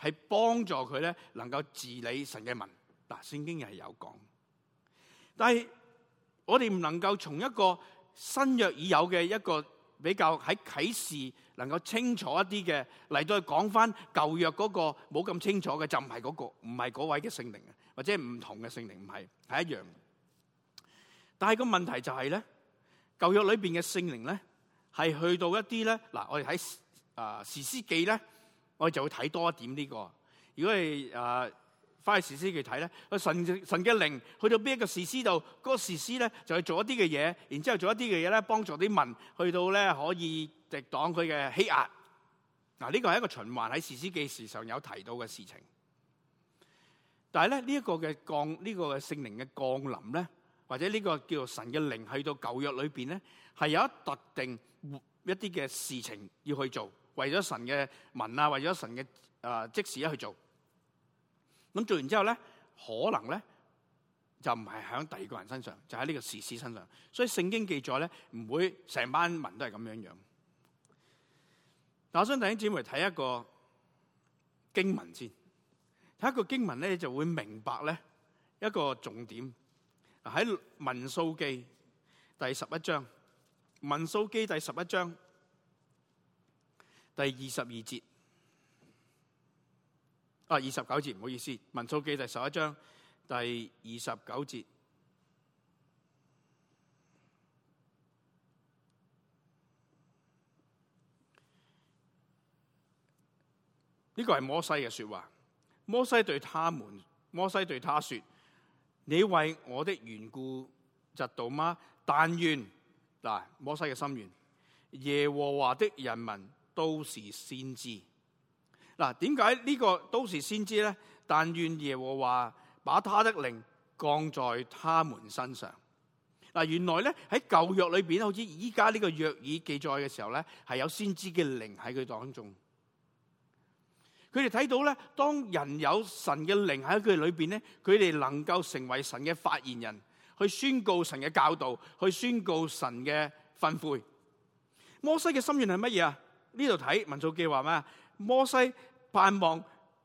係幫助佢咧能夠治理神嘅民。嗱，聖經又係有講，但係我哋唔能夠從一個新約已有嘅一個比較喺啟示，能夠清楚一啲嘅嚟到講翻舊約嗰個冇咁清楚嘅就唔係嗰個唔係嗰位嘅聖靈啊，或者唔同嘅聖靈唔係係一樣。但係個問題就係咧，舊約裏邊嘅聖靈咧。係去到一啲咧，嗱，我哋喺啊《士師記》咧，我哋、呃、就會睇多一點呢、這個。如果係啊翻去《士、呃、師記》睇咧，神神嘅靈去到邊一個士師度，嗰、那個士師咧就係做一啲嘅嘢，然之後做一啲嘅嘢咧，幫助啲民去到咧可以抵擋佢嘅欺壓。嗱呢、這個係一個循環喺《士師記》時上有提到嘅事情。但係咧呢一、這個嘅降、這個、的聖靈的降呢個聖靈嘅降臨咧，或者呢個叫做神嘅靈去到舊約裏邊咧，係有一特定。一啲嘅事情要去做，為咗神嘅民啊，為咗神嘅、呃、啊即時咧去做。咁做完之後咧，可能咧就唔係喺第二個人身上，就喺、是、呢個士師身上。所以聖經記載咧，唔會成班民都係咁樣樣。但我想弟兄姐妹睇一個經文先，睇一個經文咧你就會明白咧一個重點喺民數記第十一章。民數記第十一章第二十二節，啊二十九節，唔好意思，民數記第十一章第二十九節，呢、這個係摩西嘅說話。摩西對他們，摩西對他說：你為我的緣故嫉妒嗎？但願。嗱，摩西嘅心願，耶和華的人民都是先知。嗱，點解呢個都是先知咧？但願耶和華把他的靈降在他們身上。嗱，原來咧喺舊約裏邊，好似依家呢個約珥記載嘅時候咧，係有先知嘅靈喺佢當中。佢哋睇到咧，當人有神嘅靈喺佢裏邊咧，佢哋能夠成為神嘅發言人。去宣告神嘅教導，去宣告神嘅吩咐。摩西嘅心願係乜嘢啊？呢度睇《民數記》話咩啊？摩西盼望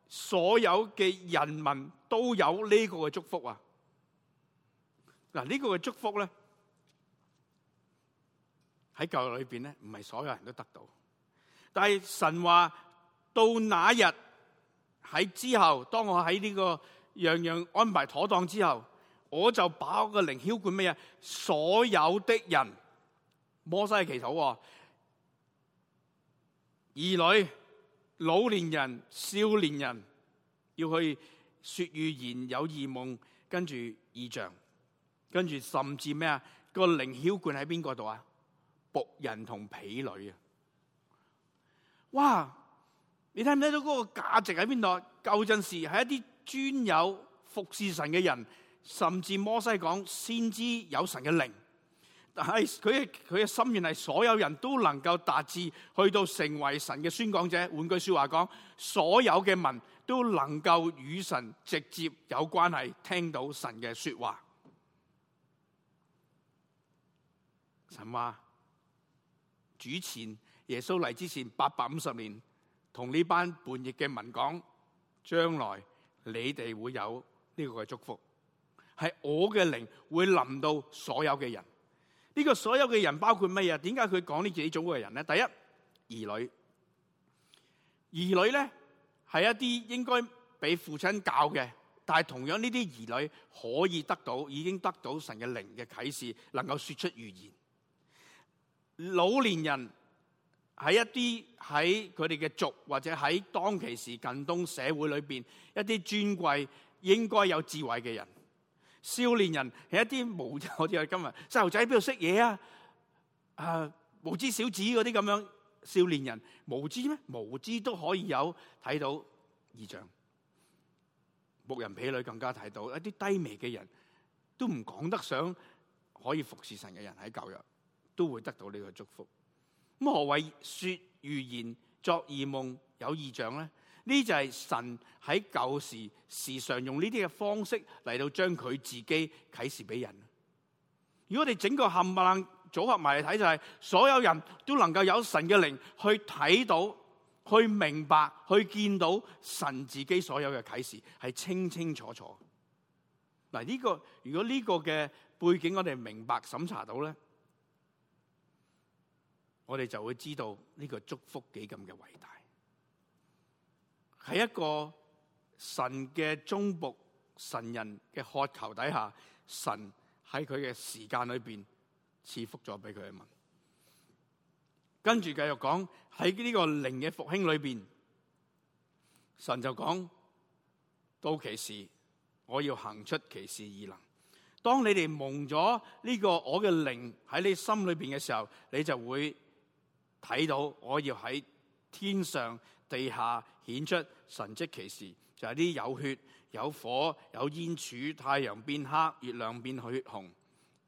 所有嘅人民都有呢個嘅祝福啊！嗱，呢個嘅祝福咧，喺教育裏邊咧，唔係所有人都得到。但係神話到那日喺之後，當我喺呢個樣樣安排妥當之後。我就把個靈澆灌咩呀？所有的人摩西祈禱、哦、兒女、老年人、少年人要去說預言、有異夢，跟住異象，跟住甚至咩啊？那個靈澆灌喺邊個度啊？僕人同婢女啊！哇！你睇唔睇到嗰個價值喺邊度？舊陣時係一啲專有服侍神嘅人。甚至摩西講先知有神嘅靈，但係佢佢嘅心願係所有人都能夠達至去到成為神嘅宣講者。換句說話講，所有嘅民都能夠與神直接有關係，聽到神嘅說話。神話主前耶穌嚟之前八百五十年，同呢班叛逆嘅民講，將來你哋會有呢個嘅祝福。係我嘅靈會臨到所有嘅人。呢個所有嘅人包括乜嘢？點解佢講呢？幾種嘅人咧，第一兒女，兒女咧，係一啲應該俾父親教嘅，但係同樣呢啲兒女可以得到已經得到神嘅靈嘅啟示，能夠說出預言。老年人係一啲喺佢哋嘅族或者喺當其時近東社會裏邊一啲尊貴應該有智慧嘅人。少年人係一啲無，我哋喺今日細路仔邊度識嘢啊？啊，無知小子嗰啲咁樣少年人無知咩？無知都可以有睇到異象，牧人婢女，更加睇到一啲低微嘅人都唔講得上可以服侍神嘅人喺教育，都會得到呢個祝福。咁何謂説預言、作異夢、有異象咧？呢就係神喺舊時時常用呢啲嘅方式嚟到將佢自己啟示俾人。如果我哋整個冚唪唥組合埋嚟睇，就係、是、所有人都能夠有神嘅靈去睇到、去明白、去見到神自己所有嘅啟示係清清楚楚。嗱、這、呢個如果呢個嘅背景我哋明白審查到咧，我哋就會知道呢個祝福幾咁嘅偉大。喺一個神嘅忠僕、神人嘅渴求底下，神喺佢嘅時間裏邊賜福咗俾佢嘅民。跟住繼續講，喺呢個靈嘅復興裏邊，神就講到其時，我要行出奇事異能。當你哋蒙咗呢個我嘅靈喺你心裏邊嘅時候，你就會睇到我要喺天上，地下顯出神蹟奇事，就係、是、啲有血有火有煙柱，太陽變黑，月亮變血紅，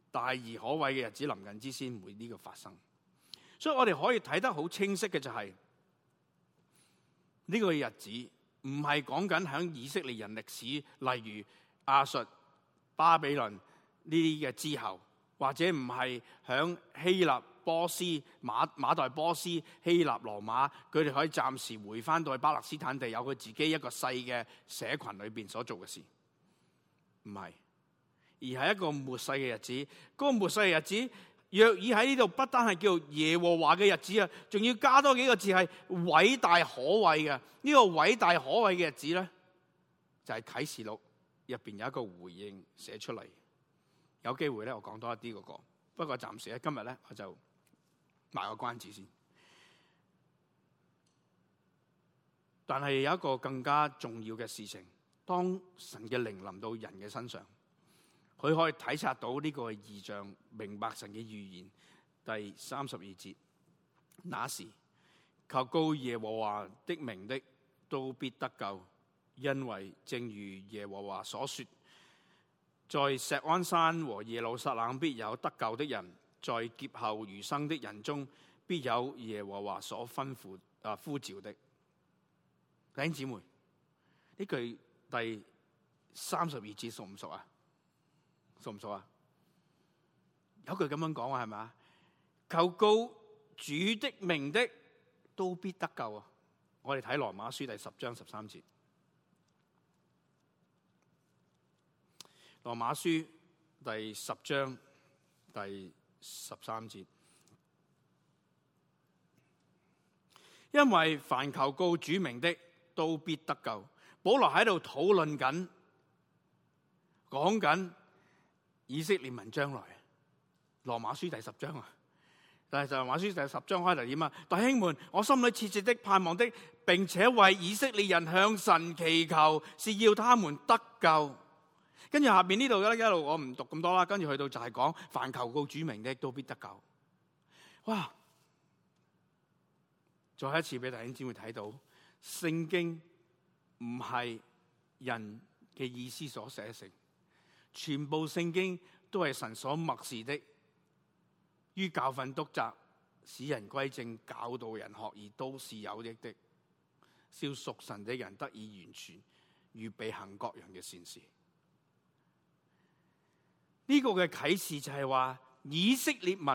大而可畏嘅日子臨近之先，唔會呢個發生。所以我哋可以睇得好清晰嘅就係、是、呢、這個日子唔係講緊響以色列人歷史，例如亞述、巴比倫呢啲嘅之後，或者唔係響希臘。波斯、馬馬代、波斯、希臘、羅馬，佢哋可以暫時回翻到去巴勒斯坦地，有佢自己一個細嘅社群裏邊所做嘅事，唔係，而係一個末世嘅日子。嗰個末世嘅日子，約珥喺呢度不單係叫耶和華嘅日子啊，仲要加多幾個字係偉大可畏嘅。呢個偉大可畏嘅日子咧，就係啟示錄入邊有一個回應寫出嚟，有機會咧我講多一啲嗰個，不過暫時咧今日咧我就。賣個關子先，但係有一個更加重要嘅事情，當神嘅靈臨到人嘅身上，佢可以體察到呢個異象，明白神嘅預言。第三十二節，那時求告耶和華的名的都必得救，因為正如耶和華所說，在錫安山和耶路撒冷必有得救的人。在劫後餘生的人中，必有耶和華所吩咐啊呼召的。弟兄姊妹，呢句第三十二節熟唔熟啊？熟唔熟啊？有句咁樣講啊，係咪啊？求告主的名的，都必得救啊！我哋睇羅馬書第十章十三節。羅馬書第十章第。十三節，因為凡求告主名的，都必得救。保羅喺度討論緊，講緊以色列文將來。羅馬書第十章啊，但係就《羅馬書》第十章開頭點啊？弟兄們，我心裏切切的盼望的，並且為以色列人向神祈求，是要他們得救。跟住下邊呢度呢一路我唔讀咁多啦，跟住去到就係講凡求告主名的，都必得救。哇！再一次俾弟兄姊妹睇到聖經唔係人嘅意思所寫成，全部聖經都係神所默示的，於教訓督責，使人歸正，教導人學，而都是有益的，叫屬神嘅人得以完全，預備行各樣嘅善事。呢個嘅啟示就係話，以色列民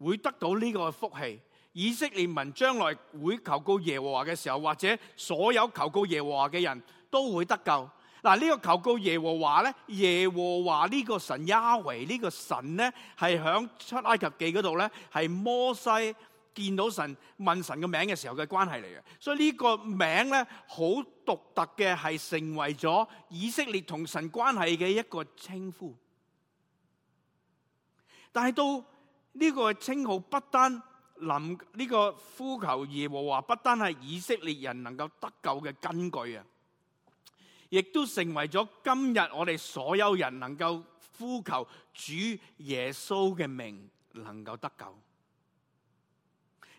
會得到呢個福氣。以色列民將來會求告耶和華嘅時候，或者所有求告耶和華嘅人都會得救。嗱，呢個求告耶和華咧，耶和華呢個神亞維呢個神咧，係響出埃及記嗰度咧，係摩西見到神問神嘅名嘅時候嘅關係嚟嘅。所以呢個名咧，好獨特嘅係成為咗以色列同神關係嘅一個稱呼。但係到呢個稱號不單林，呢個呼求耶和華不單係以色列人能夠得救嘅根據啊，亦都成為咗今日我哋所有人能夠呼求主耶穌嘅名能夠得救。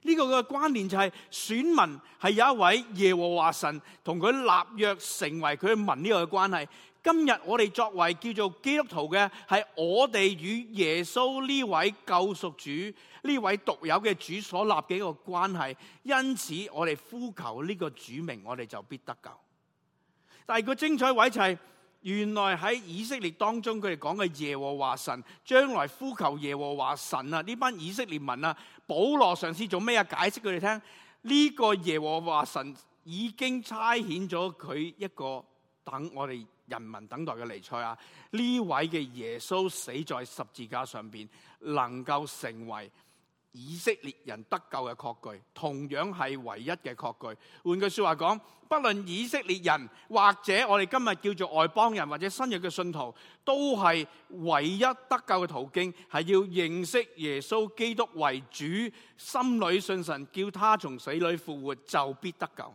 呢個嘅關聯就係選民係有一位耶和華神同佢立約成為佢嘅民呢個嘅關係。今日我哋作為叫做基督徒嘅，係我哋與耶穌呢位救贖主呢位獨有嘅主所立嘅一個關係。因此我哋呼求呢個主名，我哋就必得救。但係個精彩的位就係原來喺以色列當中佢哋講嘅耶和華神，將來呼求耶和華神啊，呢班以色列民啊。保羅上司做咩啊？解釋佢哋聽呢、這個耶和華神已經差遣咗佢一個等我哋人民等待嘅彌賽亞啊！呢位嘅耶穌死在十字架上面，能夠成為。以色列人得救嘅確據，同樣係唯一嘅確據。換句說話講，不論以色列人或者我哋今日叫做外邦人或者新約嘅信徒，都係唯一得救嘅途徑，係要認識耶穌基督為主，心裏信神，叫他從死裏復活，就必得救。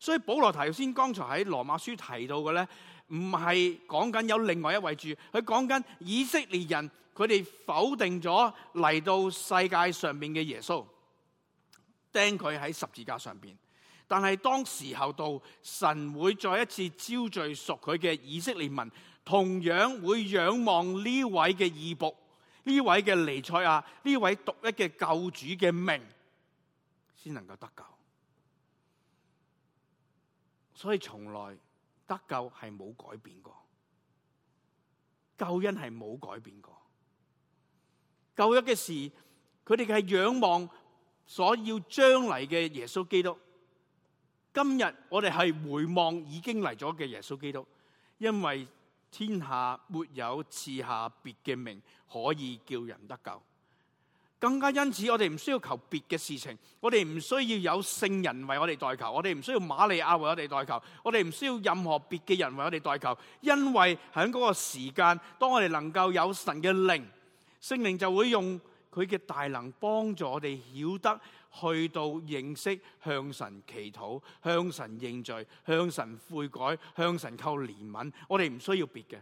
所以，保羅頭先剛才喺羅馬書提到嘅呢，唔係講緊有另外一位主，佢講緊以色列人。佢哋否定咗嚟到世界上面嘅耶穌，釘佢喺十字架上邊。但係當時候到，神會再一次招聚屬佢嘅以色列民，同樣會仰望呢位嘅義僕，呢位嘅尼賽亞，呢位獨一嘅救主嘅命先能夠得救。所以從來得救係冇改變過，救恩係冇改變過。舊約嘅事，佢哋係仰望所要將嚟嘅耶穌基督。今日我哋係回望已經嚟咗嘅耶穌基督，因為天下沒有賜下別嘅名可以叫人得救。更加因此，我哋唔需要求別嘅事情，我哋唔需要有聖人為我哋代求，我哋唔需要瑪利亞為我哋代求，我哋唔需要任何別嘅人為我哋代求，因為響嗰個時間，當我哋能夠有神嘅靈。聖靈就會用佢嘅大能幫助我哋曉得去到認識向神祈禱、向神認罪、向神悔改、向神求憐憫。我哋唔需要別嘅，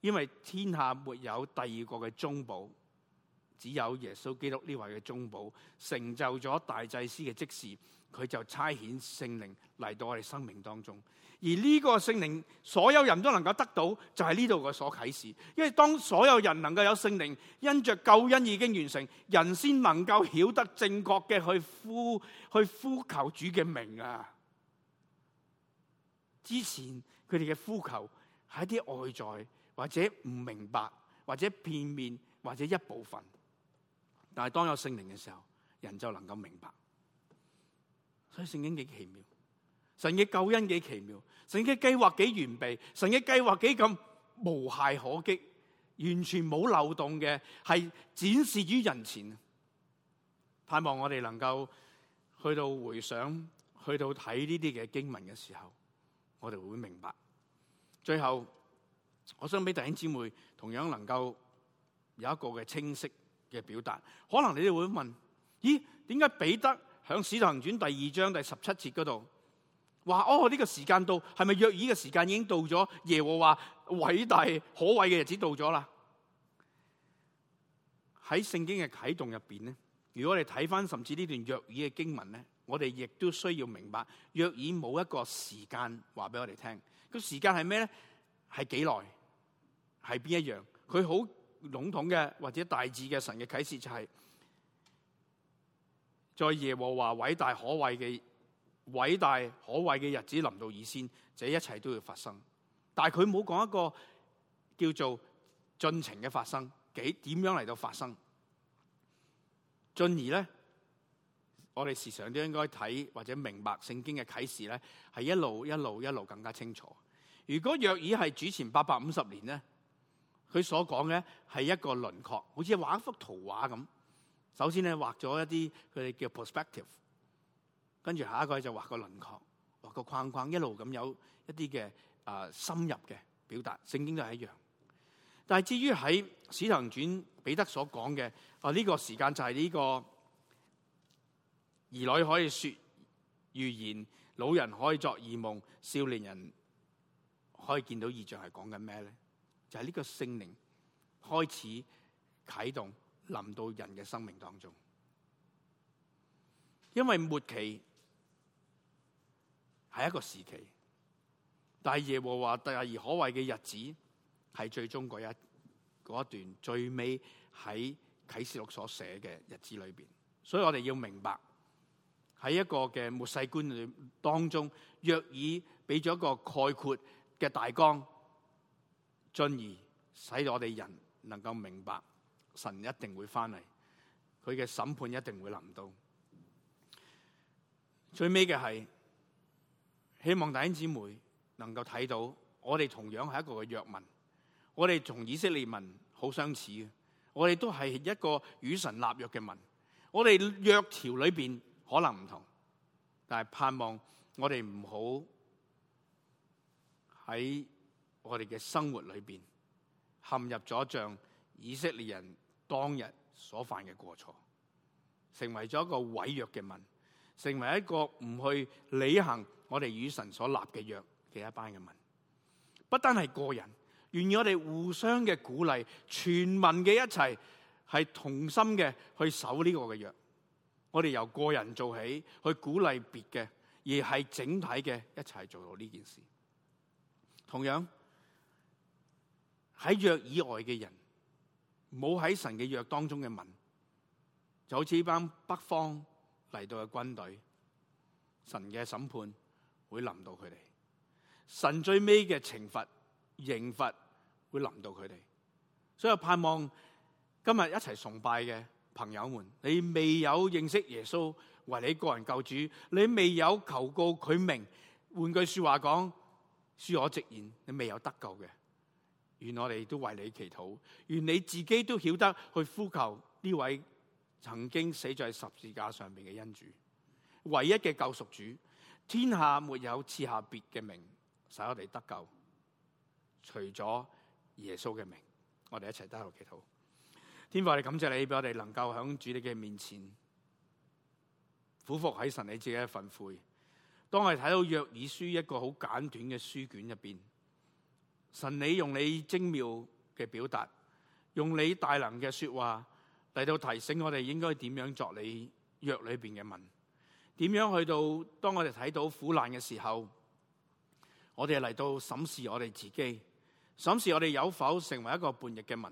因為天下沒有第二個嘅中保，只有耶穌基督呢位嘅中保成就咗大祭司嘅職事，佢就差遣聖靈嚟到我哋生命當中。而呢個聖靈，所有人都能夠得到，就係呢度嘅所啟示。因為當所有人能夠有聖靈，因着救恩已經完成，人先能夠曉得正確嘅去呼，去呼求主嘅名啊！之前佢哋嘅呼求係一啲外在，或者唔明白，或者片面，或者一部分。但係當有聖靈嘅時候，人就能夠明白。所以聖經幾奇妙。神嘅救恩幾奇妙，神嘅計劃幾完備，神嘅計劃幾咁無懈可擊，完全冇漏洞嘅，係展示於人前。盼望我哋能夠去到回想，去到睇呢啲嘅經文嘅時候，我哋會明白。最後，我想俾弟兄姊妹同樣能夠有一個嘅清晰嘅表達。可能你哋會問：咦，點解彼得響《使徒行傳》第二章第十七節嗰度？話哦，呢個時間到係咪約珥嘅時間已經到咗？耶和華偉大可畏嘅日子到咗啦。喺聖經嘅啟動入邊呢，如果我哋睇翻，甚至呢段約珥嘅經文呢，我哋亦都需要明白約珥冇一個時間話俾我哋聽、個時間係咩呢？係幾耐？係邊一樣？佢好籠統嘅，或者大致嘅神嘅啟示就係在耶和華偉大可畏嘅偉大可畏嘅日子臨到以先，這一切都要發生。但係佢冇講一個叫做進程嘅發生，幾點樣嚟到發生？進而咧，我哋時常都應該睇或者明白聖經嘅啟示咧，係一路一路一路更加清楚。如果約珥係主前八百五十年咧，佢所講嘅係一個輪廓，好似畫一幅圖畫咁。首先咧，畫咗一啲佢哋叫 perspective。跟住下一個就畫個輪廓，畫個框框，一路咁有一啲嘅啊深入嘅表達。聖經都係一樣，但係至於喺《使徒行傳》彼得所講嘅，啊呢、這個時間就係呢、這個兒女可以説預言，老人可以作異夢，少年人可以見到異象，係講緊咩咧？就係、是、呢個聖靈開始啟動，臨到人嘅生命當中，因為末期。係一個時期，但係耶和華大而可畏嘅日子，係最終嗰一一段最尾喺啟示錄所寫嘅日子裏邊。所以我哋要明白喺一個嘅末世觀裏當中，約珥俾咗一個概括嘅大綱，進而使到我哋人能夠明白神一定會翻嚟，佢嘅審判一定會臨到。最尾嘅係。希望弟兄姊妹能夠睇到，我哋同樣係一個嘅約民，我哋同以色列民好相似嘅，我哋都係一個與神立約嘅民，我哋約條裏邊可能唔同，但係盼望我哋唔好喺我哋嘅生活裏邊陷入咗像以色列人當日所犯嘅過錯，成為咗一個毀約嘅民，成為一個唔去履行。我哋與神所立嘅約嘅一班嘅民，不單係個人，願意我哋互相嘅鼓勵，全民嘅一齊係同心嘅去守呢個嘅約。我哋由個人做起，去鼓勵別嘅，而係整體嘅一齊做到呢件事。同樣喺約以外嘅人，冇喺神嘅約當中嘅民，就好似一班北方嚟到嘅軍隊，神嘅審判。會淋到佢哋，神最尾嘅懲罰、刑罰會臨到佢哋，所以我盼望今日一齊崇拜嘅朋友們，你未有認識耶穌為你個人救主，你未有求告佢名，換句說話講，恕我直言，你未有得救嘅。願我哋都為你祈禱，願你自己都曉得去呼求呢位曾經死在十字架上面嘅恩主，唯一嘅救贖主。天下沒有賜下別嘅名使我哋得救，除咗耶穌嘅名，我哋一齊喺度祈禱。天父，我哋感謝你，俾我哋能夠響主你嘅面前，俯伏喺神你自己一份悔。當我哋睇到約珥書一個好簡短嘅書卷入邊，神你用你精妙嘅表達，用你大能嘅說話嚟到提醒我哋應該點樣作你約裏邊嘅民。點樣去到？當我哋睇到苦難嘅時候，我哋嚟到審視我哋自己，審視我哋有否成為一個叛逆嘅民，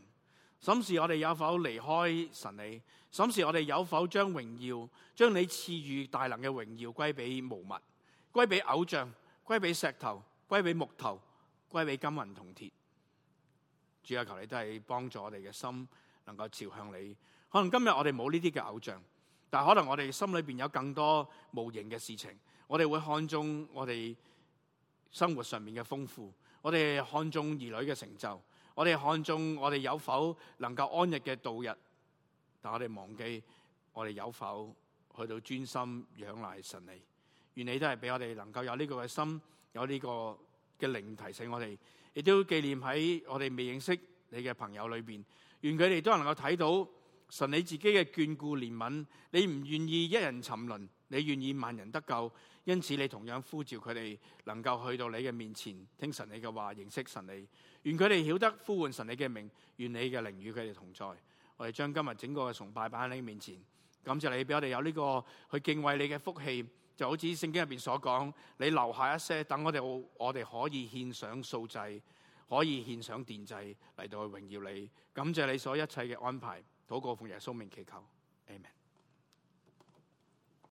審視我哋有否離開神你，審視我哋有否將榮耀將你賜予大能嘅榮耀歸俾無物，歸俾偶像，歸俾石頭，歸俾木頭，歸俾金銀銅鐵。主啊，求你都係幫助我哋嘅心，能夠朝向你。可能今日我哋冇呢啲嘅偶像。但可能我哋心裏邊有更多無形嘅事情，我哋會看重我哋生活上面嘅豐富，我哋看重兒女嘅成就，我哋看重我哋有否能夠安逸嘅度日，但我哋忘記我哋有否去到專心仰賴神你。願你都係俾我哋能夠有呢個嘅心，有呢個嘅靈提醒我哋，亦都紀念喺我哋未認識你嘅朋友裏邊，願佢哋都能夠睇到，神你自己嘅眷顧憐憫，你唔願意一人沉淪，你願意萬人得救。因此，你同樣呼召佢哋能夠去到你嘅面前，聽神你嘅話，認識神你。願佢哋曉得呼喚神你嘅名，願你嘅靈與佢哋同在。我哋將今日整個嘅崇拜擺喺你面前，感謝你俾我哋有呢、呢個去敬畏你嘅福氣，就好似聖經入面所講，你留下一些等我哋，我哋可以獻上素祭，可以獻上奠祭嚟到去榮耀你。感謝你所一切嘅安排。禱告奉耶穌名祈求，阿門。